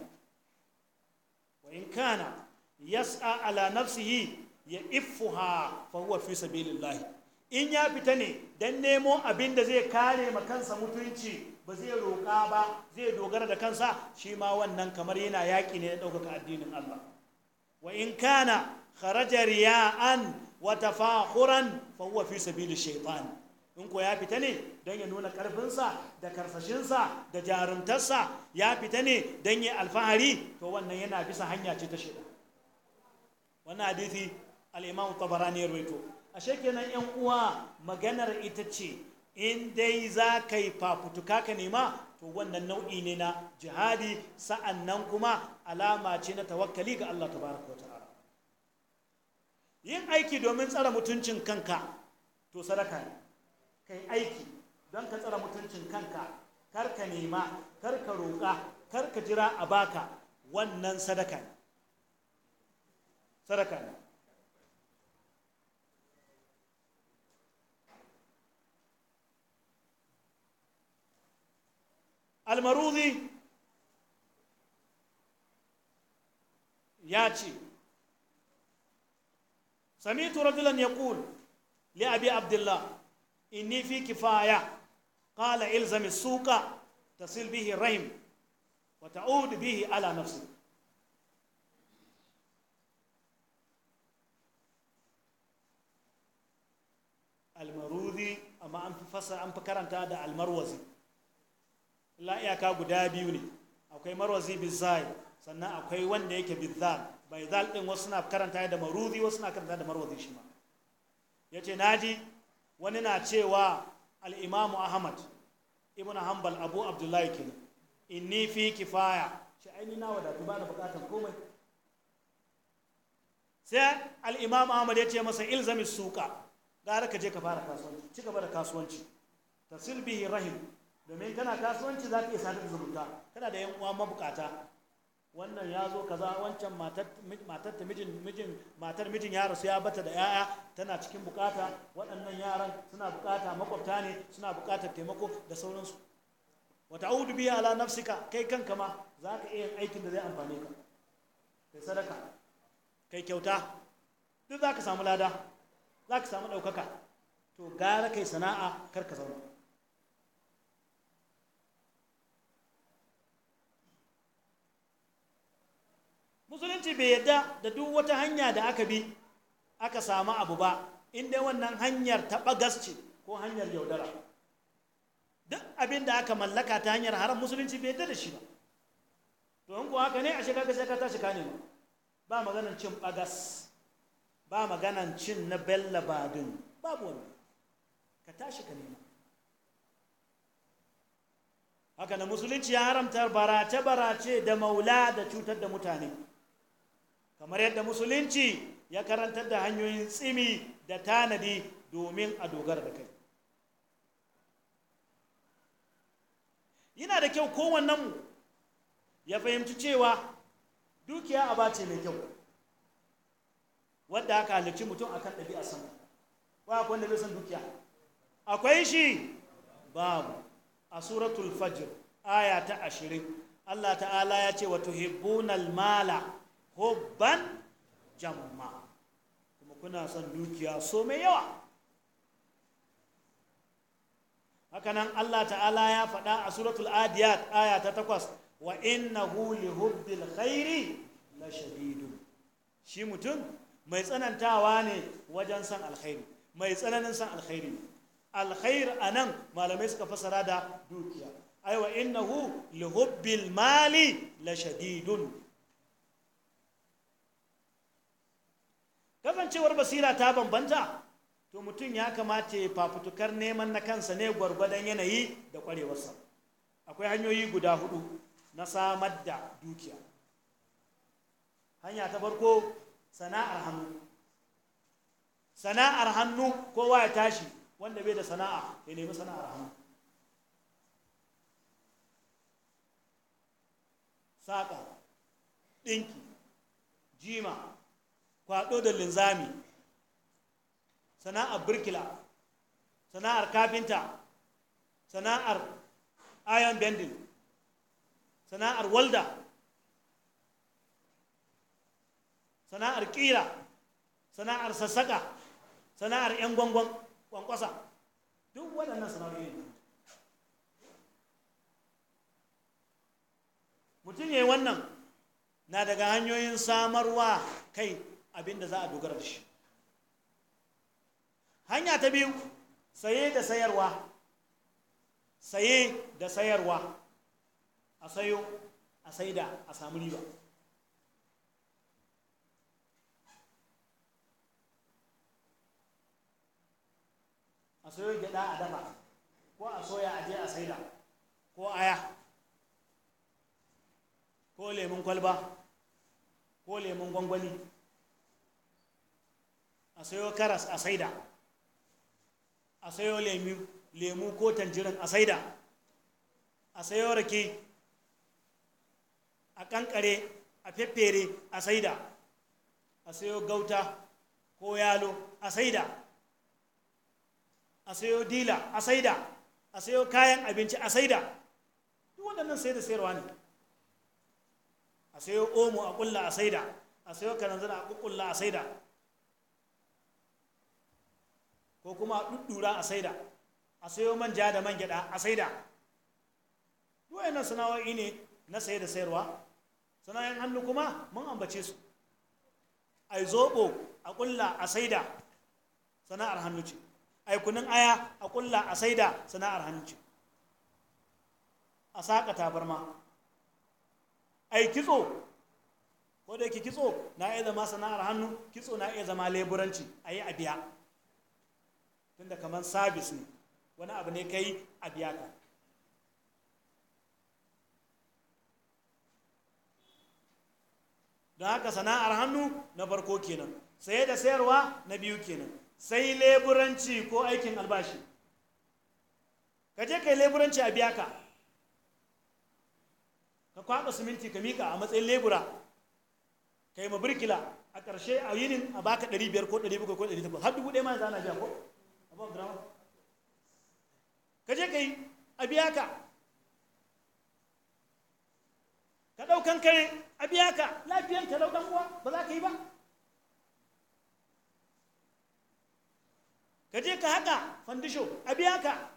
wa in kana yas'a ala nafsihi ya iffuha fa huwa fi sabilillah in ya fita ne dan nemo abin da zai kare ma kansa mutunci ba zai roƙa ba zai dogara da kansa shi ma wannan kamar yana yaƙi ne da ɗaukaka addinin Allah wa in kana kharaja riya'an wa tafakhuran fa huwa fi sabili shaytan in ko ya fita ne don ya nuna karfinsa da karsashinsa da jarumtarsa ya fita ne don ya alfahari to wannan yana bisa hanya ce ta shida wannan hadithi al-imam ne ya A ashe yan uwa maganar ita ce in dai za ka yi fafutuka ka nema to wannan nau'i ne na jihadi sa'annan kuma alama ce na tawakkali ga Allah tabaraka wa ta'ala yin aiki domin tsara mutuncin kanka to sadaka ne kai aiki don ka tsara mutuncin kanka kar ka nema kar ka roƙa kar ka jira a baka wannan sadaka ne sadaka ne almaruzi ya ce سميت رجلا يقول لأبي عبد الله إني في كفاية قال إلزم السوق تصل به الرحم وتعود به على نفسك المروذي أما أم فسر أم فكرت هذا المروزي لا يا كابو دابيوني أو كي مروزي بالزاي سنة أو كي وندي كبالذال bai zal din wasu suna karanta da maruzi wasu suna karanta da marwazi shi ma yace naji wani na cewa Al'imamu imam ahmad ibn hanbal abu abdullahi kenan inni fi kifaya shi aini na wadatu ba da bukatan komai sai Al'imamu ahmad ya ce masa ilzami suka gara ka je ka fara kasuwanci ci gaba da kasuwanci tasir bihi rahim domin kana kasuwanci za ka iya sadar zumunta kana da yan uwa mabukata wannan ya zo kaza wancan matar ta mijin matar mijin ya rasu ya bata da yaya tana cikin bukata waɗannan yaran suna bukata makwabta ne suna bukatar taimako da sauransu wata audu biya ala nafsika kai kanka ma za ka iya aikin da zai amfani ka kai sadaka kai kyauta duk za ka samu lada za ka samu ɗaukaka to gara kai sana'a kar ka zauna musulunci bai yadda da duk wata hanya da aka bi aka samu abu ba inda wannan hanyar taɓa gasci ce ko hanyar yaudara duk abin da aka mallaka ta hanyar haram musulunci bai yadda da shi ba to in kuwa haka ne a shiga sai ka tashi ka nema ba maganan cin ɓagas ba maganan cin na bella badin babu wani ka tashi ka nema haka na musulunci ya haramta barace-barace da maula da cutar da mutane kamar yadda musulunci ya karantar da hanyoyin tsimi da tanadi domin a dogara da kai yana da kyau kowannenmu ya fahimci cewa dukiya aba ce mai kyau wadda aka halicci mutum a kan ɗabi'a sama ba akwai wanda bai san dukiya akwai shi babu a suratul fajr aya ta ashirin allah ta'ala ya ce wa tuhibbunal mala hubban jamma kuma kuna son dukiya so mai yawa hakanan Allah ta'ala ya faɗa a suratul adiyat aya ta takwas wa innahu li hubbil khairi na shadidu shi mutum mai tsanantawa ne wajen san alkhairi mai tsananin san alkhairi ne a anan malamai suka fasara da dukiya Aiwa wa innahu li mali la shadidun kasancewar basira ta bambanta to mutum ya kamata ya fafutukar neman na kansa ne gwargwadon yanayi da kwarewarsa akwai hanyoyi guda hudu na samar da dukiya hanya ta farko sana'ar hannu sana'ar hannu kowa ya tashi wanda bai da sana'a ya nemi sana'ar hannu saƙa ɗinki jima Kwado da linzami sana'ar birkila sana'ar kafinta sana'ar iron bending sana'ar walda sana'ar kira sana'ar sassaka sana'ar 'yan gwangwan kwankwasa duk waɗannan sana'ar yi. mutum ya yi wannan na daga hanyoyin samarwa kai abin da za a dogara da shi hanya ta biyu saye da sayarwa saye da sayarwa a sayo a saida a samu riba a sayo gyada a dafa ko a soya a je a saida ko aya ko lemun kwalba ko lemun gwangwani a sayo karas a saida a sayo lemu ko tanjirin a saida a sayo rake a kankare a feffere a saida a sayo gauta ko yalo a saida a sayo dila a saida a sayo kayan abinci a saida duk waɗannan sai da sayarwa ne a sayo omo a ƙulla a saida a sayo kananzir a ƙulla a saida ko kuma a a saida a sayo manja da man gyaɗa a saida nan sana'o'i ne na saye da sayarwa sana'o'in hannu kuma mun ambace su a yi zoɓo a ƙulla a saida sana'ar hannu ce a yi kunin aya a ƙulla a saida sana'ar hannu ce a saƙa tabarma a yi kitso ko da yake kitso na iya zama sana'ar hannu kitso na iya zama leburanci a yi a biya tunda kamar sabis ne wani abu ne kai a biya ka don haka sana'ar hannu na farko kenan saye da sayarwa na biyu kenan sai leburanci ko aikin albashi ka je kai leburanci a biya ka ka kwaɗa siminti ka mika a matsayin lebura ka yi ma birkila a ƙarshe a yinin a baka 500 ko 700 ko 800 har dubu ma ma zana biya ko abu abdurrahman ka je ka yi a biya ka ka ɗaukan kare a biya ka lafiyan ka ɗaukan uwa ba za ka yi ba ka je ka haƙa fandisho a biya ka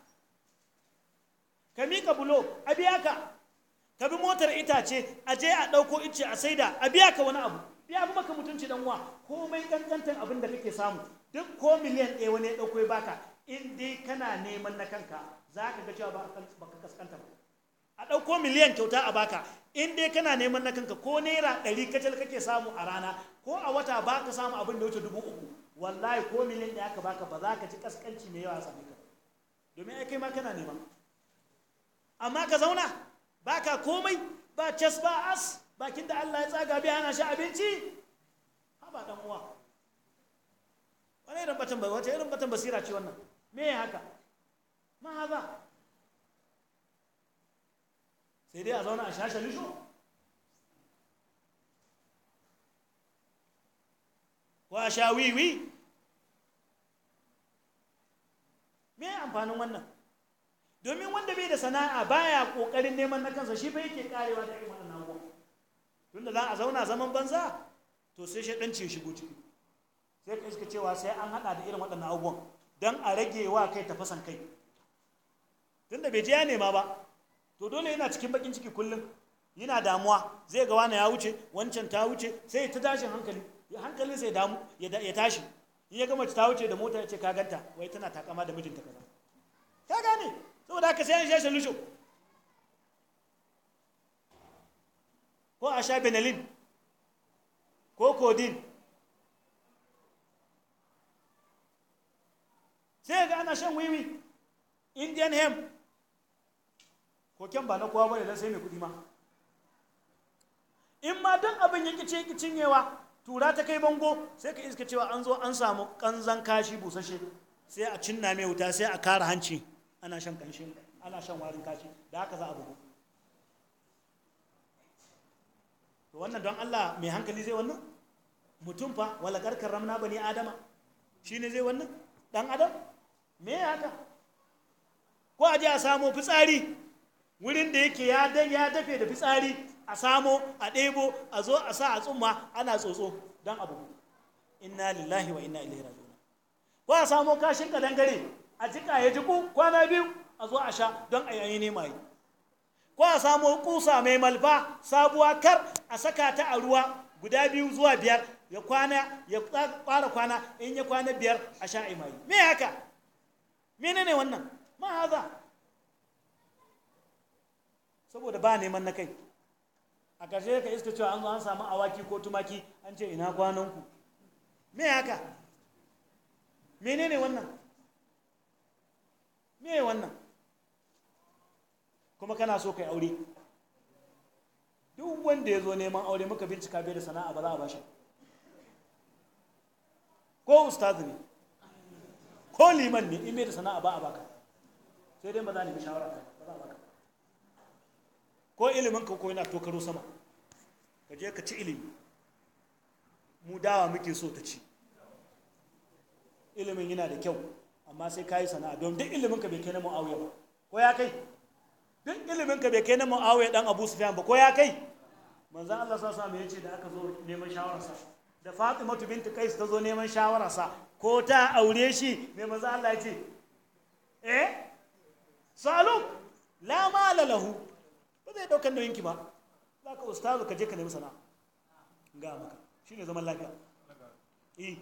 ka miƙa bulo a biya ka ka bi motar itace a je a ɗauko ice a saida a biya ka wani abu biya fi maka mutunci dan uwa komai kankantan abin da kake samu duk ko miliyan ɗaya wani ya ɗauko ya baka in dai kana neman na kanka za ka ga cewa ba ka kaskanta ba a ɗauko miliyan kyauta a baka in dai kana neman na kanka ko naira ɗari kacal kake samu a rana ko a wata ba ka samu abin da wuce dubu uku wallahi ko miliyan ɗaya ka baka ba za ka ci kaskanci mai yawa a same ka domin ai kai ma kana neman amma ka zauna baka komai ba cas ba as bakin da Allah ya tsaga biya ana shi abinci haba dan uwa wani irin batan wata irin batan basira ce wannan me ya haka ma haza sai dai a zauna a shashe nisho ko a sha wiwi me amfanin wannan domin wanda bai da sana'a baya kokarin neman na kansa shi fa yake karewa da irin wannan tunda za a zauna zaman banza to sai shi dan ce shigo ciki sai ka iska cewa sai an hada da irin waɗannan abubuwan don a rage wa kai tafasan kai da bai je ya nema ba to dole yana cikin bakin ciki kullum yana damuwa zai ga wani ya wuce wancan ta wuce sai ta tashin hankali hankalin sai damu ya tashi in ya gama ta wuce da mota ya ce ka ganta wai tana takama da mijinta kaza ka gane saboda haka sai an shashin lusho ko a sha benelin ko codeine sai ga ana shan wiwi indian hemp koken ba na kowa bane dan sai mai kuɗi ma in ma don abin ya kice ki cinyewa tura ta kai bango sai ka iska cewa an zo an samu kanzan kashi busashe sai a cinna mai wuta sai a kara hanci ana shan kanshi ana shan warin kashi da haka za a bugu to wannan don Allah mai hankali zai wannan mutum fa wala karkar ramna bani adama shine zai wannan dan adam me ya haka ko a je a samo fitsari wurin da yake ya ya dafe da fitsari a samo a ɗebo a zo a sa a tsumma ana tsotso don abu inna lillahi wa inna ilaihi raji'un ko a samo kashin ka dangare a jika ya jiku kwana biyu a zo a sha don a yayi ne mai ko a samo kusa mai malfa sabuwa kar a saka ta a ruwa guda biyu zuwa biyar ya kwana ya kwana in ya kwana biyar a sha mai me haka menene wannan ma haza saboda ba neman na kai a ƙarshe ka iska cewa an zo an samu awaki ko tumaki an ce ina kwananku me haka menene wannan me wannan kuma kana so kai aure duk wanda ya zo neman aure muka bincika bai da sana'a ba za a bashi ko ustazi ne ko liman ne in bai da sana'a ba a baka sai dai ba za a nemi shawara ba za a baka ko ilimin ka ko yana tokaro sama ka je ka ci ilimi mu dawa muke so ta ci ilimin yana da kyau amma sai ka yi sana'a don duk ilimin ka bai kai na mu'awiya ba ko ya kai duk ilimin ka bai kai na mu'awiya dan abu sufyan ba ko ya kai manzan Allah sa sa mai ce da aka zo neman shawararsa da Fatimatu binti Qais ta zo neman shawararsa ko ta aure shi mai maza Allah ya ce eh salu la mala lahu ba zai daukan nauyin ki ba za ka ustazu ka je ka nemi sana ga maka shine zaman lafiya eh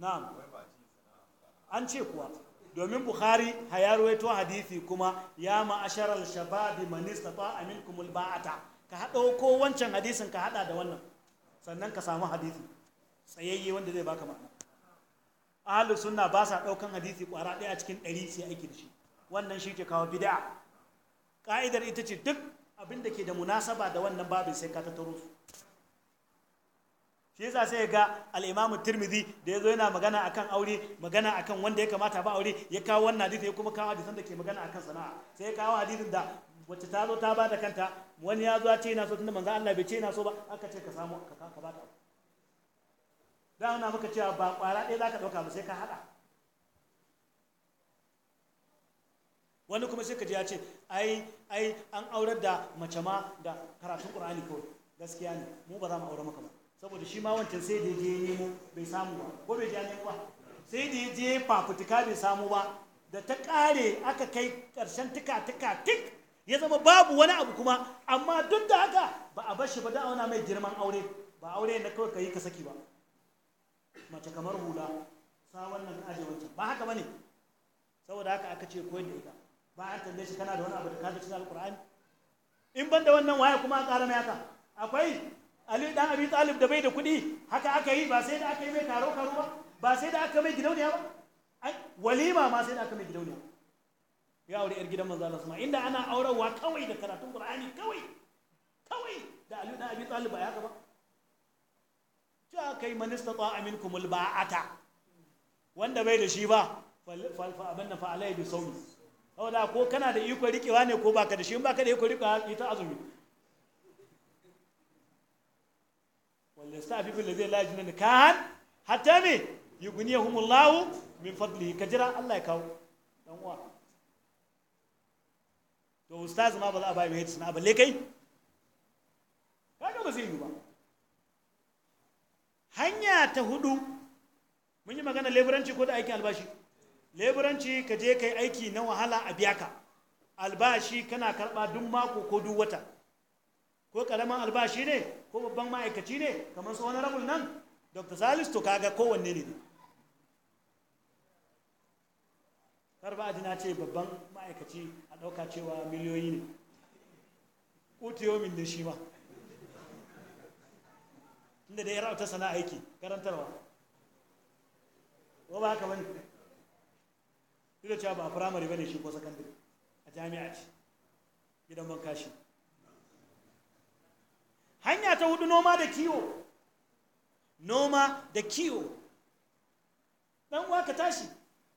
na'am an ce kuwa domin bukhari hayaruwaito hadisi kuma ya ma'asharar shababi manista istata aminkumul ba'ata ka haɗa ko wancan hadisin ka haɗa da wannan sannan ka samu hadisi tsayayye wanda zai baka ma'ana ahlus sunna ba sa daukan hadisi kwara ɗaya cikin ɗari sai aiki da shi wannan shi ke kawo bid'a ka'idar ita ce duk abin da ke da munasaba da wannan babin sai ka tattaro su shi yasa sai ga al-Imam Tirmidhi da yazo yana magana akan aure magana akan wanda ya kamata ba aure ya kawo wannan hadisi ya kuma kawo hadisin da ke magana akan sana'a sai ya kawo hadisin da wacce ta zo ta ba da kanta wani ya zo ce na so tunda manzo Allah bai ce na so ba aka ce ka samu ka ka ba ta da ana maka cewa ba kwara ɗaya zaka dauka ba sai ka hada wani kuma sai ka ji ya ce ai ai an aurar da mace ma da karatun Qur'ani kawai gaskiya ne mu ba za mu aure maka ba saboda shi ma wancan sai da je nemo bai samu ba ko bai je nemo ba sai da je fafutuka bai samu ba da ta kare aka kai karshen tuka tuka tik ya zama babu wani abu kuma amma duk da haka ba a bashi ba ba da'auna mai girman aure ba aure na kawai ka yi ka saki ba mace kamar hula sa wannan aje wancan ba haka bane saboda haka aka ce koyar da ita ba a tambaye shi kana da wani abu da ka da alqur'ani in ban da wannan waya kuma a ƙara mai haka akwai ali dan abi talib da bai da kuɗi haka aka yi ba sai da aka yi mai taro karo ba ba sai da aka mai gidauniya ba walima ma sai da aka mai gidauniya ya aure yar gidan manzo Allah inda ana aurewa kawai da karatun Qur'ani kawai kawai da Ali na Abi Talib ba ya ba cewa kai man istata aminkum alba'ata wanda bai da shi ba falfa abin na fa'alai bi sauni saboda ko kana da iko rikewa ne ko baka da shi in baka da iko rikewa ita azumi wanda sa fi bil zai lajina nikahan hatta me yughniyahumullahu min fadlihi kajira Allah ya kawo dan uwa to ustaz ma ba za a bai mai tsina balle kai kaga ba zai yi ba hanya ta hudu mun yi magana leburanci ko da aikin albashi leburanci ka je kai aiki na wahala a biya ka albashi kana karba duk mako ko duk wata ko karaman albashi ne ko babban ma'aikaci ne kamar wani rabul nan dr salis to kaga kowanne ne ne har ba ji na ce babban ma'aikaci a ɗauka cewa miliyoyi ne ƙutiyomin da shi ma tunda da ya rauta sana aiki karantarwa ko ba haka wani duk da cewa ba firamare bane shi ko sakandare a jami'a ce gidan banka kashi hanya ta hudu noma da kiwo noma da kiwo Ɗan uwa ka tashi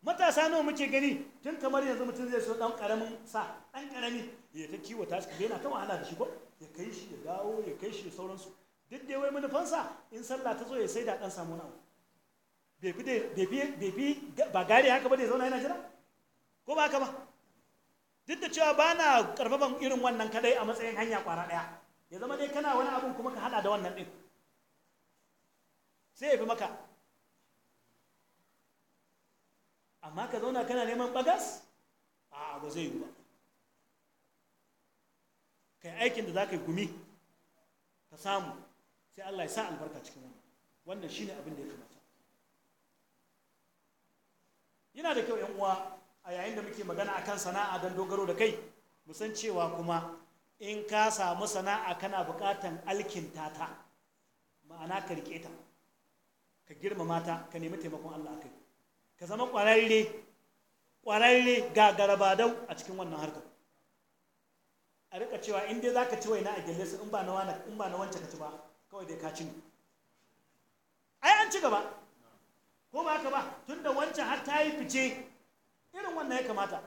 matasa nawa muke gani tun kamar yanzu mutum zai so dan karamin sa dan karami ya ta kiwo ta shi yana ta wahala da shi ko ya kai shi ya dawo ya kai shi sauransu duk da wai manufansa in sallah ta zo ya sai da dan samu bai fi bai fi ba gari haka ba da zauna yana jira ko ba haka ba duk da cewa ba na karfafan irin wannan kadai a matsayin hanya kwara daya ya zama dai kana wani abun kuma ka hada da wannan din sai ya fi maka amma ka zauna kana neman bagas a ba zai yi ba kai aikin da za ka yi gumi ka samu sai Allah ya sa albarka cikin wannan wannan shine abin da ya kamata yana da kyau yan uwa a yayin da muke magana akan sana'a don dogaro da kai mu san cewa kuma in ka samu sana'a kana buƙatan alkinta ta ma'ana ka rike ta ka girmama ta ka nemi taimakon Allah akai ka zama ƙwararre ƙwararre ga garabadau a cikin wannan harkar a rika cewa in dai ka ci waina a gelle su in ba na wancan ka ci ba kawai dai ka ci ne ai an ci gaba ko ba ka ba tunda wancan har ta yi fice irin wannan ya kamata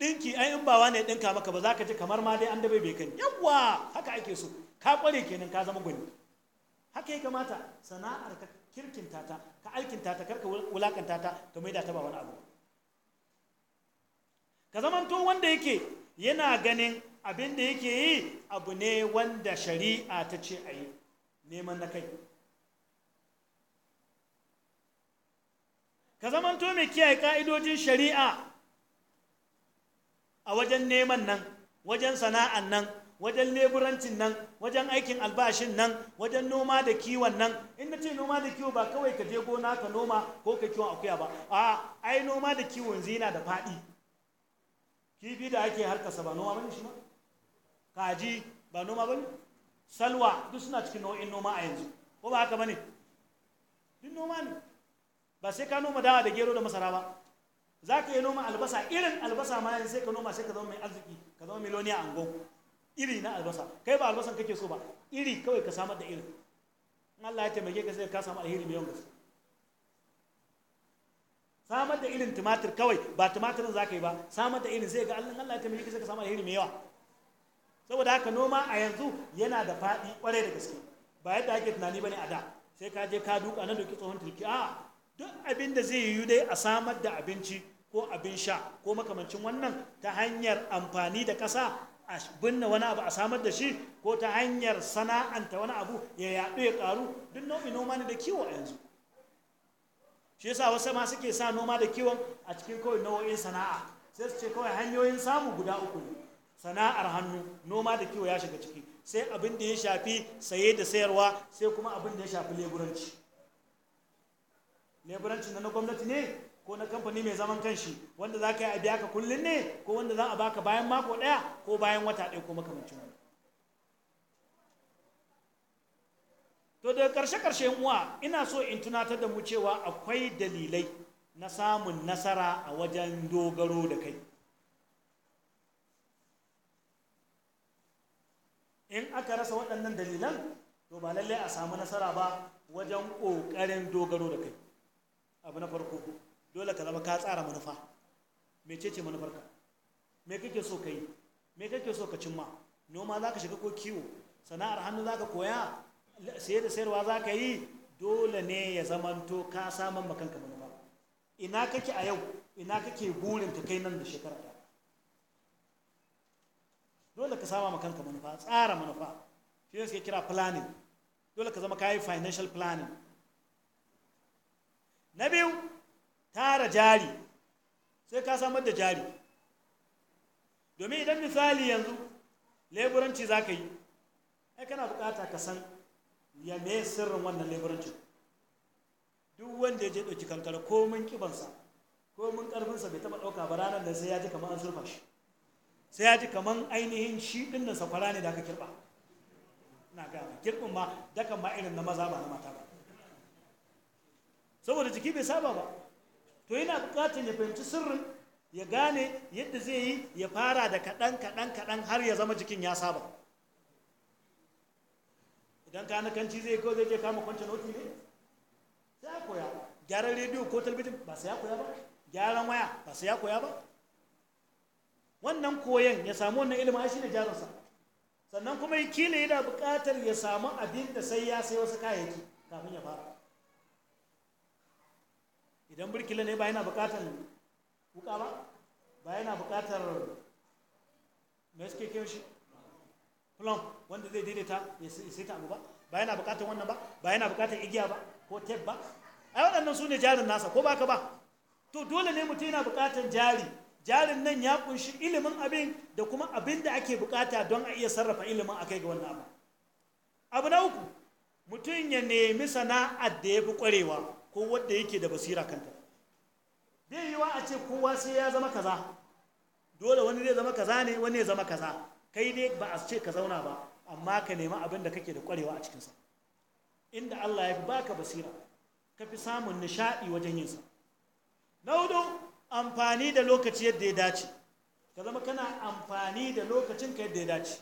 ɗinki ai in ba wani ɗinka maka ba za ka ji kamar ma dai an dabe bai kani yawwa haka ake so ka ƙware kenan ka zama gwani haka ya kamata sana'ar ka kirkinta ta ka alkinta ta karka wulakanta ta ka da ta ba wani abu ka zamanto wanda yake yana ganin abin da yake yi abu ne wanda shari'a ta ce a yi neman na kai ka zamanto mai kiyaye ka'idojin shari'a a wajen neman nan wajen sana'an nan wajen leburancin nan wajen aikin albashin nan wajen noma da kiwon nan in na ce noma da kiwo ba kawai ka je gona ka noma ko ka kiwon akuya ba a ai noma da kiwon zina da faɗi kifi da ake harkarsa ba noma bane shi ma kaji ba noma bane salwa duk suna cikin nau'in noma a yanzu ko ba haka bane duk noma ne ba sai ka noma dawa da gero da masara ba za ka yi noma albasa irin albasa ma yanzu sai ka noma sai ka zama mai arziki ka zama miloniya angon iri na albasa kai ba albasan kake so ba iri kawai ka samar da iri in Allah ya taimake ka sai ka samu alheri mai yawan gaske samar da irin tumatir kawai ba tumatirin za ka yi ba samar da irin zai ga Allah Allah ya taimake ka sai ka samu alheri mai yawa saboda haka noma a yanzu yana da faɗi kwarai da gaske ba yadda ake tunani bane a da sai ka je ka duka na doki tsohon turki a duk abin da zai yiwu dai a samar da abinci ko abin sha ko makamancin wannan ta hanyar amfani da ƙasa a binne wani abu a samar da shi ko ta hanyar sana'anta wani abu ya yaɗu ya ƙaru duk nau'i noma ne da kiwo a yanzu shi yasa wasu ma suke sa noma da kiwon a cikin kawai nau'o'in sana'a sai su ce kawai hanyoyin samu guda uku ne sana'ar hannu noma da kiwo ya shiga ciki sai abin da ya shafi saye da sayarwa sai kuma abin da ya shafi leburanci leburanci na gwamnati ne ko na kamfani mai zaman kanshi wanda za ka yi a biya ka kullum ne ko wanda za a baka bayan mako ɗaya ko bayan wata ɗaya ko makamancin wani to da ƙarshe karshe uwa ina so in tunatar da mu cewa akwai dalilai na samun nasara a wajen dogaro da kai in aka rasa waɗannan dalilan to ba lallai a samu nasara ba wajen ƙoƙarin dogaro da kai abu na farko dole ka zama ka tsara manufa mecece manufarka me kake so ka yi me kake so ka cimma noma za ka shiga ko kiwo sana'ar hannu za ka koya saye da sayarwa za ka yi dole ne ya zamanto ka saman makanka manufa ina kake a yau ina kake burin ka kai nan da shekara ta dole ka sama makanka manufa tsara manufa shi ne suke kira planning dole ka zama ka yi financial planning na biyu tara jari sai ka samar da jari domin idan misali yanzu leburanci za ka yi ai kana bukata ka san ya me sirrin wannan leburanci? duk wanda ya je ɗauki kankara ko mun kibansa ko mun ƙarfinsa bai taɓa ɗauka ba ranar da sai ya ji kamar an surfa shi sai ya ji kamar ainihin shi ɗin nan sakwara ne da aka kirɓa na gama kirɓin ma dakan ma irin na maza ba na mata ba saboda jiki bai saba ba to yana buƙatar ya fahimci sirrin ya gane yadda zai yi ya fara da kaɗan kaɗan kaɗan har ya zama jikin ya saba idan ka nakanci zai ko zai je kama kwanci noti ne sai ya koya gyaran rediyo ko talbijin ba sai ya koya ba gyaran waya ba sai ya koya ba wannan koyon ya samu wannan ilimin shi ne jarinsa sannan kuma kila yana buƙatar ya samu abin da sai ya sai wasu kayayyaki kafin ya fara idan birkila ne ba yana buƙatar wuka ba ba yana buƙatar mai suke shi plum wanda zai daidaita ya sai ta abu ba ba yana buƙatar wannan ba ba yana buƙatar igiya ba ko tape ba ai waɗannan su ne jarin nasa ko baka ba to dole ne mutum yana buƙatar jari jarin nan ya kunshi ilimin abin da kuma abin da ake buƙata don a iya sarrafa ilimin akai ga wannan abu abu na uku mutum ya nemi sana'ar da ya fi kwarewa. ko wadda yake da basira kanta yi wa a ce kowa sai ya zama kaza dole wani zai zama kaza ne wani ya zama kaza kai ne ba a ce ka zauna ba amma ka nemi abin da kake da kwarewa a cikinsa inda Allah ya fi baka basira ka fi samun nishaɗi wajen yinsa na hudu amfani da lokaci yadda ya dace ka zama kana amfani da lokacin ka yadda ya dace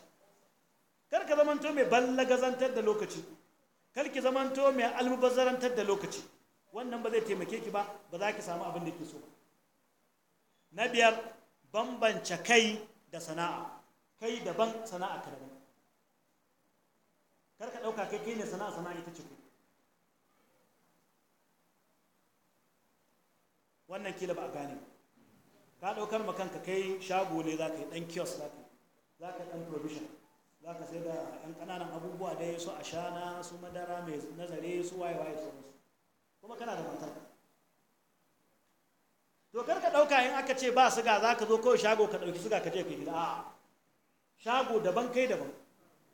kar ka zamanto mai ballagazantar da lokaci kar ki zamanto mai almubazzarantar da lokaci wannan ba zai taimake ki ba ba za ki samu abin da ke so ba na biyar bambance kai da sana'a kai daban sana'a ka daban kar ka ɗauka kai kai ne sana'a sana'a ita ce wannan kila ba a gane ka ɗaukar ma kanka kai shago ne za ka yi ɗan kiosk za ka yi za ka ɗan provision za ka sai da ɗan ƙananan abubuwa da ya sha na, su madara mai nazare su waye waye su kuma kana da matar to kar ka ɗauka in aka ce ba suga za ka zo kawai shago ka ɗauki suga ka je ka gida a'a shago daban kai daban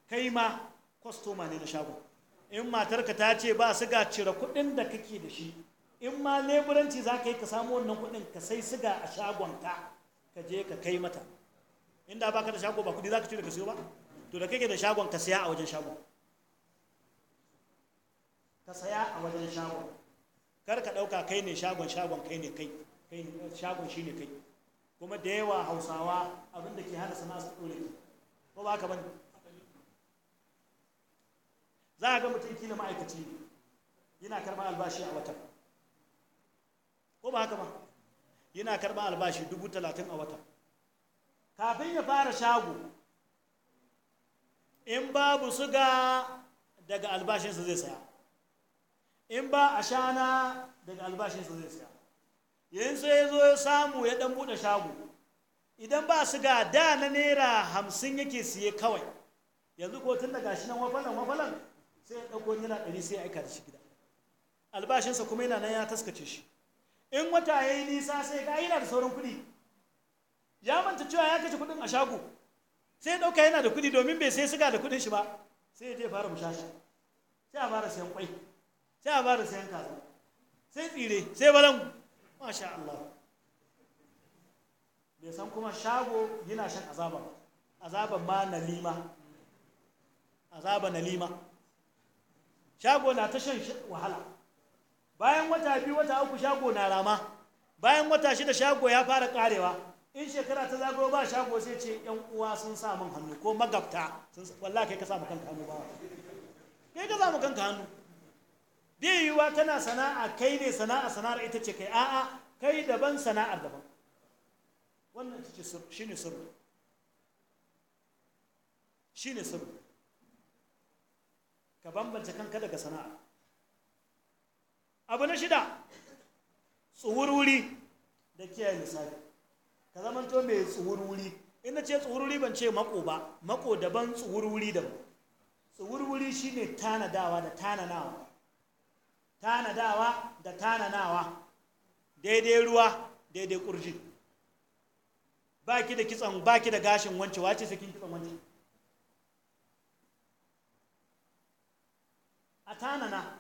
kai ma kwastoma ne na shago in matarka ta ce ba suga cire kuɗin da kake da shi in ma leburanci za ka yi ka samu wannan kuɗin ka sai suga a shagonka ka je ka kai mata inda baka da shago ba kuɗi za ka cire ka siyo ba to da kake da shagon ka saya a wajen shagon ka saya a wajen shagon kar ka ɗauka kai ne shagon shagon kai ne kai kai shagon shi ne kai kuma da yawa hausawa abin da ke hana sana'a su ɗore ko ba ka bane za a ga mutum kila ma'aikaci ne yana karɓar albashi a wata ko ba haka ba yana karɓar albashi dubu talatin a wata kafin ya fara shago in babu suga daga albashinsa zai saya in ba a shana daga albashinsa zai siya Yanzu ya zo ya samu ya dan buɗe shago idan ba su ga da na naira hamsin yake siye kawai yanzu ko tun daga shi nan wafalan wafalan sai ya ɗauko naira ɗari sai ya aika da shi gida albashinsa kuma yana nan ya taskace shi in wata ya yi nisa sai ga yana da sauran kuɗi ya manta cewa ya kashe kuɗin a shago sai ya ɗauka yana da kuɗi domin bai sai ga da kuɗin shi ba sai ya je fara mushashi sai a fara sayan kwai sai a fara sayan kaza sai tsire sai balangu masha Allah bai san kuma shago yana shan azaba azaba ma na lima azaba na lima shago na ta shan wahala bayan wata biyu wata uku shago na rama bayan wata shida shago ya fara karewa in shekara ta zagaro ba shago sai ce yan uwa sun sa min hannu ko magabta wallahi kai ka sa mu kanka hannu ba kai ka sa mu kanka hannu bai tana sana'a kai ne sana'a sana'ar ita ce kai a'a kai daban sana'ar daban wannan shi ne sirri shi ne sirri ka bambanta kanka daga sana'a abu na shida wuri da kiyaye misali ka zamanto mai wuri ina ce wuri ban ce mako ba mako daban wuri daban tsuwurwuri shine tanadawa da tananawa tanadawa da tananawa daidai ruwa daidai ƙurji ba ki da kitson ba ki da gashin wance wace sai kin kitson wance a tanana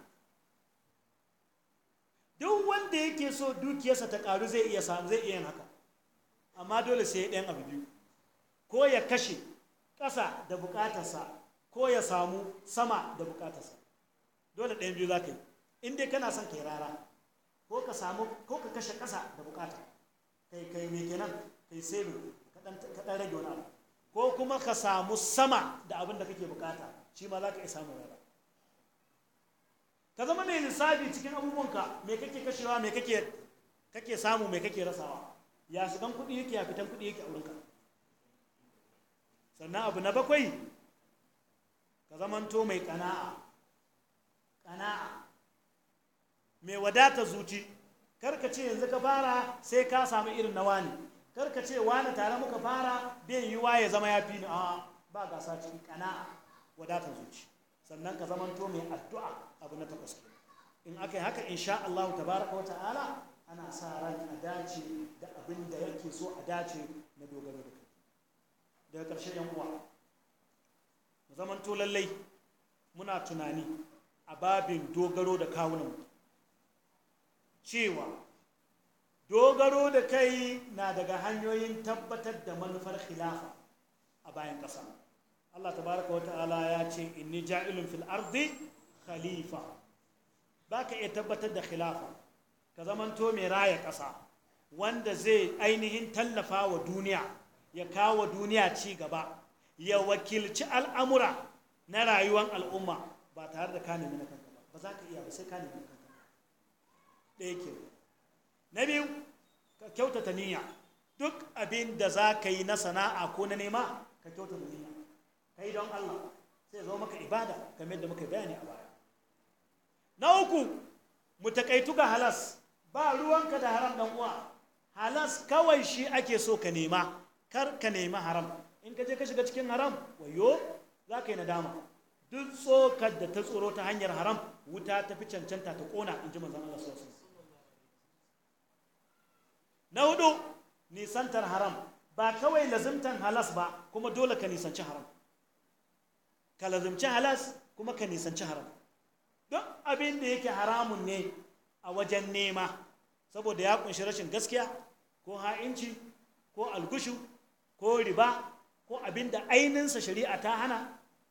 duk wanda yake so dukiyarsa ta ƙaru zai iya samu zai iya haka amma dole sai ya ɗayan abu biyu ko ya kashe ƙasa da buƙatarsa ko ya samu sama da buƙatarsa dole ɗayan biyu za ka yi in dai kana son kai rara ko ka samu ko ka kashe ƙasa da bukata kai kai me kenan kai sai ka dan rage wani abu ko kuma ka samu sama da abin da kake bukata shi ma za ka iya samun rara ka zama mai lissafi cikin abubuwanka me kake kashewa me kake kake samu me kake rasawa ya shigan kuɗi yake ya fitan kuɗi yake a wurinka sannan abu na bakwai ka zamanto mai kana'a kana'a mai wadata zuci karka ce yanzu ka fara sai ka samu irin na wani karka ce wani tare muka fara bai yiwuwa ya zama ya fi ni ba gasa cikin kana wadatar zuci sannan ka zamanto mai addu'a abu na takwas in aka yi haka insha Allah tabaraka wa ta'ala ana sa ran a dace da abin da yake so a dace na dogaro da kai daga karshe yan uwa mu to lallai muna tunani a babin dogaro da kawunan cewa dogaro da kai na daga hanyoyin tabbatar da manufar khilafa a bayan ƙasa Allah tabaraka wa ta'ala ya ce inni ja'ilun fil ardi khalifa baka iya tabbatar da khilafa ka zamanto mai raya ƙasa wanda zai ainihin tallafa wa duniya ya kawo duniya ci gaba ya wakilci al'amura na rayuwar al'umma ba tare da ka ba za ka iya ba sai ka ɗaya na biyu ka kyautata niyya duk abin da za ka yi na sana'a ko na nema ka kyautata niyya ka yi don Allah sai zo maka ibada kamar da muka bayani a baya na uku mu taƙaitu ga halas ba ruwanka da haram dan uwa halas kawai shi ake so ka nema kar ka nema haram in ka je ka shiga cikin haram wayo za ka yi nadama duk tsokar da ta tsoro ta hanyar haram wuta ta fi cancanta ta kona in ji manzon Allah sosai. na hudu nisantar haram ba kawai lazimtan halas ba kuma dole ka nisanci haram ka lazimci halas kuma ka nisanci haram don abin da yake haramun ne a wajen nema saboda ya kunshi rashin gaskiya ko ha'inci ko algushu ko riba ko abin da ainihinsa shari'a ta hana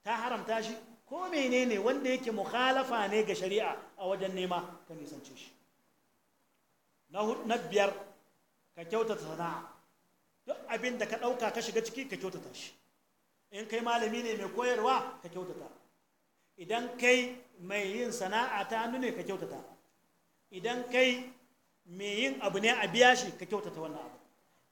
ta haramta shi ko menene wanda yake mukhalafa ne ga shari'a a wajen nema ka nisance shi na biyar ka kyautata sana'a duk abin da ka ɗauka ka shiga ciki ka kyautata shi in kai malami ne mai koyarwa ka kyautata idan kai mai yin sana'a ta hannu ne ka kyautata idan kai mai yin abu ne a biya shi ka kyautata wannan abu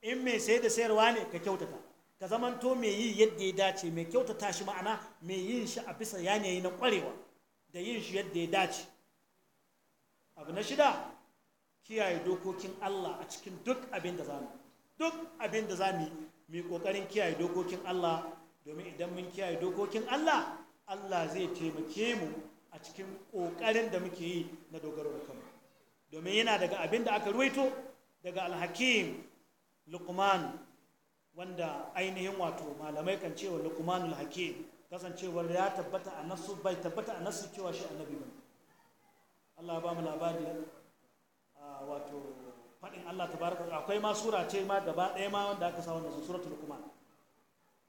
in mai sai da sayarwa ne ka kyautata ka zamanto mai yi yadda ya dace mai kyautata shi ma'ana mai yin shi a bisa yanayi na kwarewa da yin shi yadda ya dace abu na shida kiyaye dokokin Allah a cikin duk abin da za mu duk abin da za mu kokarin kiyaye dokokin Allah domin idan mun kiyaye dokokin Allah Allah zai taimake mu a cikin kokarin da muke yi na dogaro da kanmu domin yana daga abin da aka ruwaito daga alhakim luqman wanda ainihin wato malamai kan cewa luqmanul hakim kasancewar ya tabbata a nasu bai tabbata a nasu cewa shi annabi ba Allah ba mu labari wato faɗin Allah tabaraka akwai ma sura ce ma gaba ɗaya ma wanda aka sa wannan suratul luqman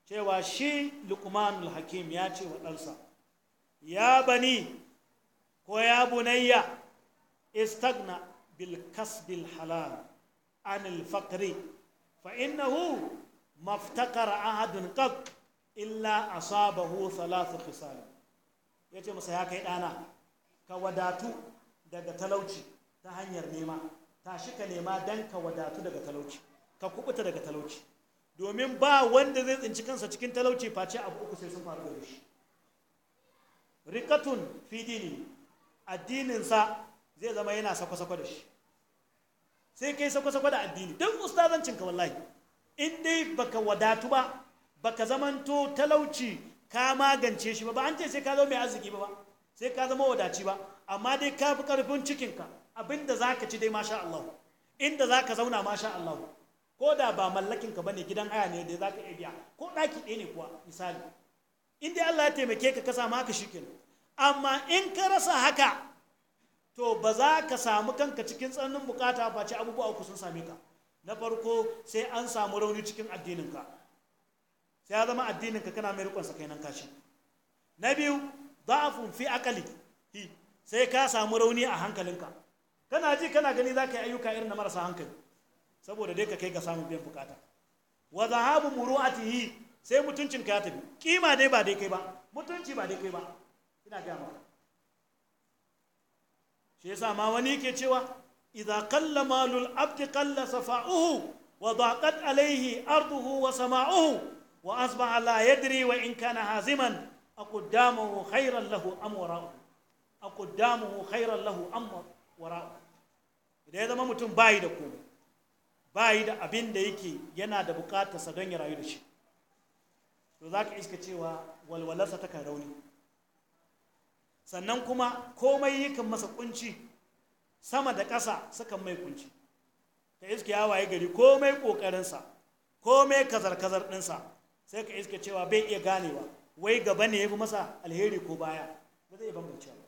cewa shi luqmanul hakim ya ce wa ɗansa ya bani ko ya bunayya istagna bil kasbil halal anil fakri fa innahu maftakara ahadun qat illa asabahu thalathu khisal yace masa ya kai ɗana ka wadatu daga talauci ta hanyar nema tashi ka nema don ka wadatu daga talauci ka kubuta daga talauci domin ba wanda zai tsinci kansa cikin talauci face abu uku sai sun faru da shi rikatun fidini addininsa zai zama yana sakwasakwa da shi sai kai sakwasakwa da addini don ustazancinka wallahi in dai baka wadatu ba baka zamanto talauci ka magance shi ba ba an ce sai ka zo mai arziki ba ba sai ka zama wadaci ba amma dai ka fi karfin cikinka abinda za ka ci dai masha Allah inda za ka zauna masha Allah ko da ba mallakinka ba ne gidan aya ne da za ka iya biya ko daki ɗaya ne kuwa misali inda dai Allah ya taimake ka ka samu haka shi amma in ka rasa haka to ba za ka samu kanka cikin tsananin bukata ba ci abubuwa uku sun same ka na farko sai an samu rauni cikin addininka sai ya zama addininka kana mai riƙon sakainan kashi na biyu da'afun fi akali sai ka samu rauni a hankalinka kana ji kana gani za ka yi ayyuka irin na marasa hankali saboda dai ka kai ka samu biyan bukata wa zahabu muru'atihi sai mutuncin ka ya tafi kima dai ba dai kai ba mutunci ba dai kai ba ina ga ma shi yasa ma wani ke cewa idza qalla malul abdi qalla safa'uhu wa daqat alayhi arduhu wa sama'uhu wa asbaha la yadri wa in kana haziman aqdamuhu khayran lahu am wara'uhu aqdamuhu khayran lahu am wara idan ya zama mutum bayi da komai bayi da abin da yake yana da sa don ya rayu da shi to za ka iska cewa walwalarsa kan rauni sannan kuma komai yakan masa kunci sama da ƙasa sukan mai kunci ka iska ya waye gari komai ƙoƙarinsa komai kazar-kazar ɗinsa sai ka iska cewa bai iya ganewa wai gaba ne ya fi masa alheri ko baya ba zai bambance ba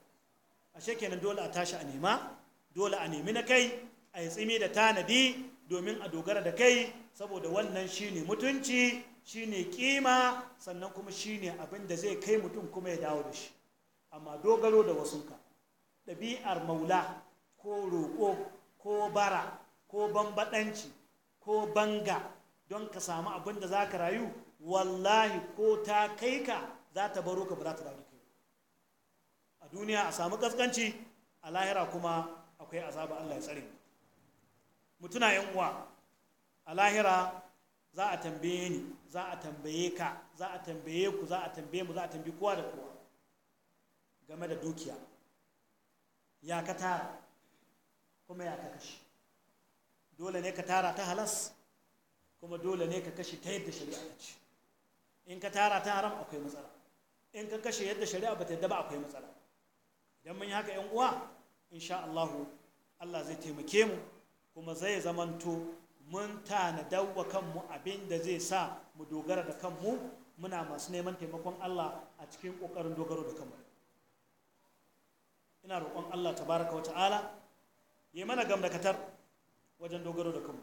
ashe kenan dole a tashi a nema dole a nemi na kai a yi tsimi da tanadi domin a dogara da kai saboda wannan shine mutunci shine kima sannan kuma shine abin da zai kai mutum kuma ya dawo da shi amma dogaro da wasu ka ɗabi'ar maula ko roƙo ko bara ko bambaɗanci ko banga don ka samu abin da za ka rayu wallahi ko ta kai ka za ta baro ka ba za ta dawo da kai a duniya a samu ƙasƙanci a lahira kuma akwai azaba Allah ya tsare mu mutuna yan uwa a lahira za a tambaye ni za a tambaye ka za a tambaye ku za a tambaye mu za a tambaye kowa da kowa game da dukiya ya ka tara kuma ya ka kashe dole ne ka tara ta halas kuma dole ne ka kashe ta yadda shari'a ta ce in ka tara ta haram akwai matsala in ka kashe yadda shari'a ba ta yadda ba akwai matsala idan mun yi haka yan uwa insha Allahu Allah zai taimake mu kuma zai zamanto mun tanadar wa kanmu abin da zai sa mu dogara da kanmu muna masu neman taimakon Allah a cikin ƙoƙarin dogaro da kanmu ina roƙon Allah tabaraka wa ta'ala ya mana gamdakatar wajen dogaro da kanmu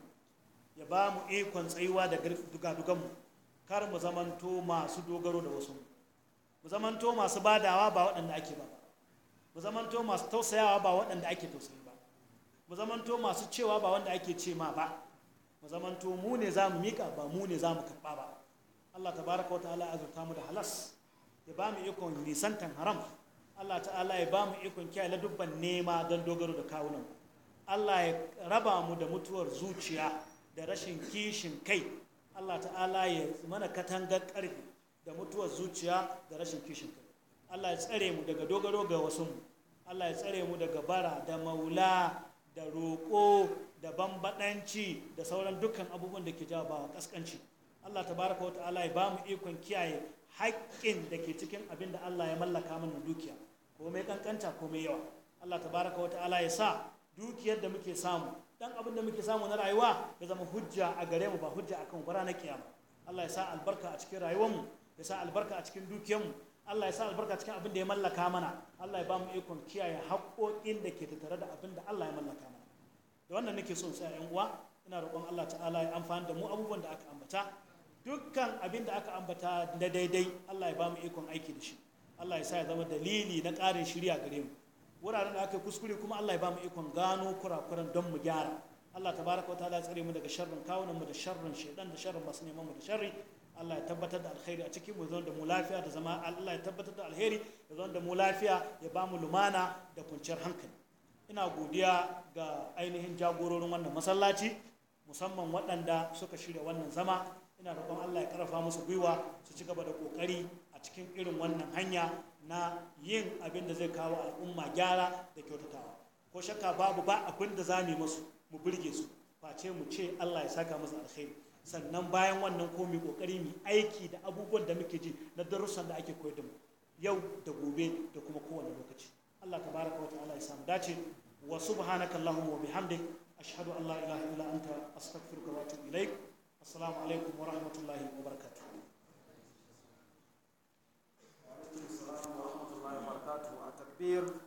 ya ba mu ikon tsayuwa da dugaduganmu kar mu zamanto masu dogaro da wasu mu zamanto masu badawa ba waɗanda ake ba mu zamanto masu tausayawa ba waɗanda ake tausayi ba mu zamanto masu cewa ba wanda ake ce ma ba mu zamanto mu ne za mu miƙa ba mu ne za mu karɓa ba Allah tabaraka wata'ala ya azurta mu da halas ya ba mu ikon nisantan haram Allah ta'ala ya ba mu ikon kiyaye dubban nema don dogaro da kawunan Allah ya raba mu da mutuwar zuciya da rashin kishin kai Allah ta'ala ya mana katangar ƙarfi da mutuwar zuciya da rashin kishin kai Allah ya tsare mu daga dogaro ga wasu Allah ya tsare mu daga bara da maula da roƙo da bambaɗanci da sauran dukkan abubuwan da ke jawo ba ƙasƙanci Allah tabaraka wata'ala ya ba mu ikon kiyaye haƙƙin da ke cikin abin da Allah ya mallaka mana dukiya ko mai ƙanƙanta ko mai yawa Allah tabaraka wata'ala ya sa dukiyar da muke samu dan abin da muke samu na rayuwa ya zama hujja a gare mu ba hujja akan bara na kiyama Allah ya sa albarka a cikin rayuwarmu ya sa albarka a cikin dukiyarmu Allah ya sa albarka cikin abin da ya mallaka mana Allah ya ba mu ikon kiyaye haƙoƙin da ke tattare da abin da Allah ya mallaka mana da wannan nake so sai ƴan uwa ina roƙon Allah ta'ala ya amfani da mu abubuwan da aka ambata dukkan abin da aka ambata na daidai Allah ya ba mu ikon aiki da shi Allah ya sa ya zama dalili na ƙarin shirya gare mu wuraren da aka kuskure kuma Allah ya ba mu ikon gano kurakuran don mu gyara Allah tabaraka wa ta'ala ya tsare mu daga sharrin kawunan mu da sharrin shaidan da sharrin masu neman mu da sharri Allah ya tabbatar da alheri a cikin mu da mu lafiya da zama Allah ya tabbatar da alheri ya zama da mu lafiya ya ba mu lumana da kwanciyar hankali ina godiya ga ainihin jagororin wannan masallaci musamman waɗanda suka shirya wannan zama ina roƙon Allah ya ƙarfafa musu gwiwa su ci gaba da ƙoƙari a cikin irin wannan hanya na yin abin da zai kawo al'umma gyara da kyautatawa ko shakka babu ba abin da za mu musu mu burge su face mu ce Allah ya saka musu alheri. sannan bayan wannan ko kokari mu aiki da abubuwan da muke ji na darussan da ake koyar da mu yau da gobe da kuma kowane lokaci Allah tabaraka wa ta'ala ya samu dace wa subhanaka allahumma wa bihamdik ashhadu an la ilaha illa anta astaghfiruka wa atubu ilaik assalamu alaikum wa rahmatullahi wa barakatuh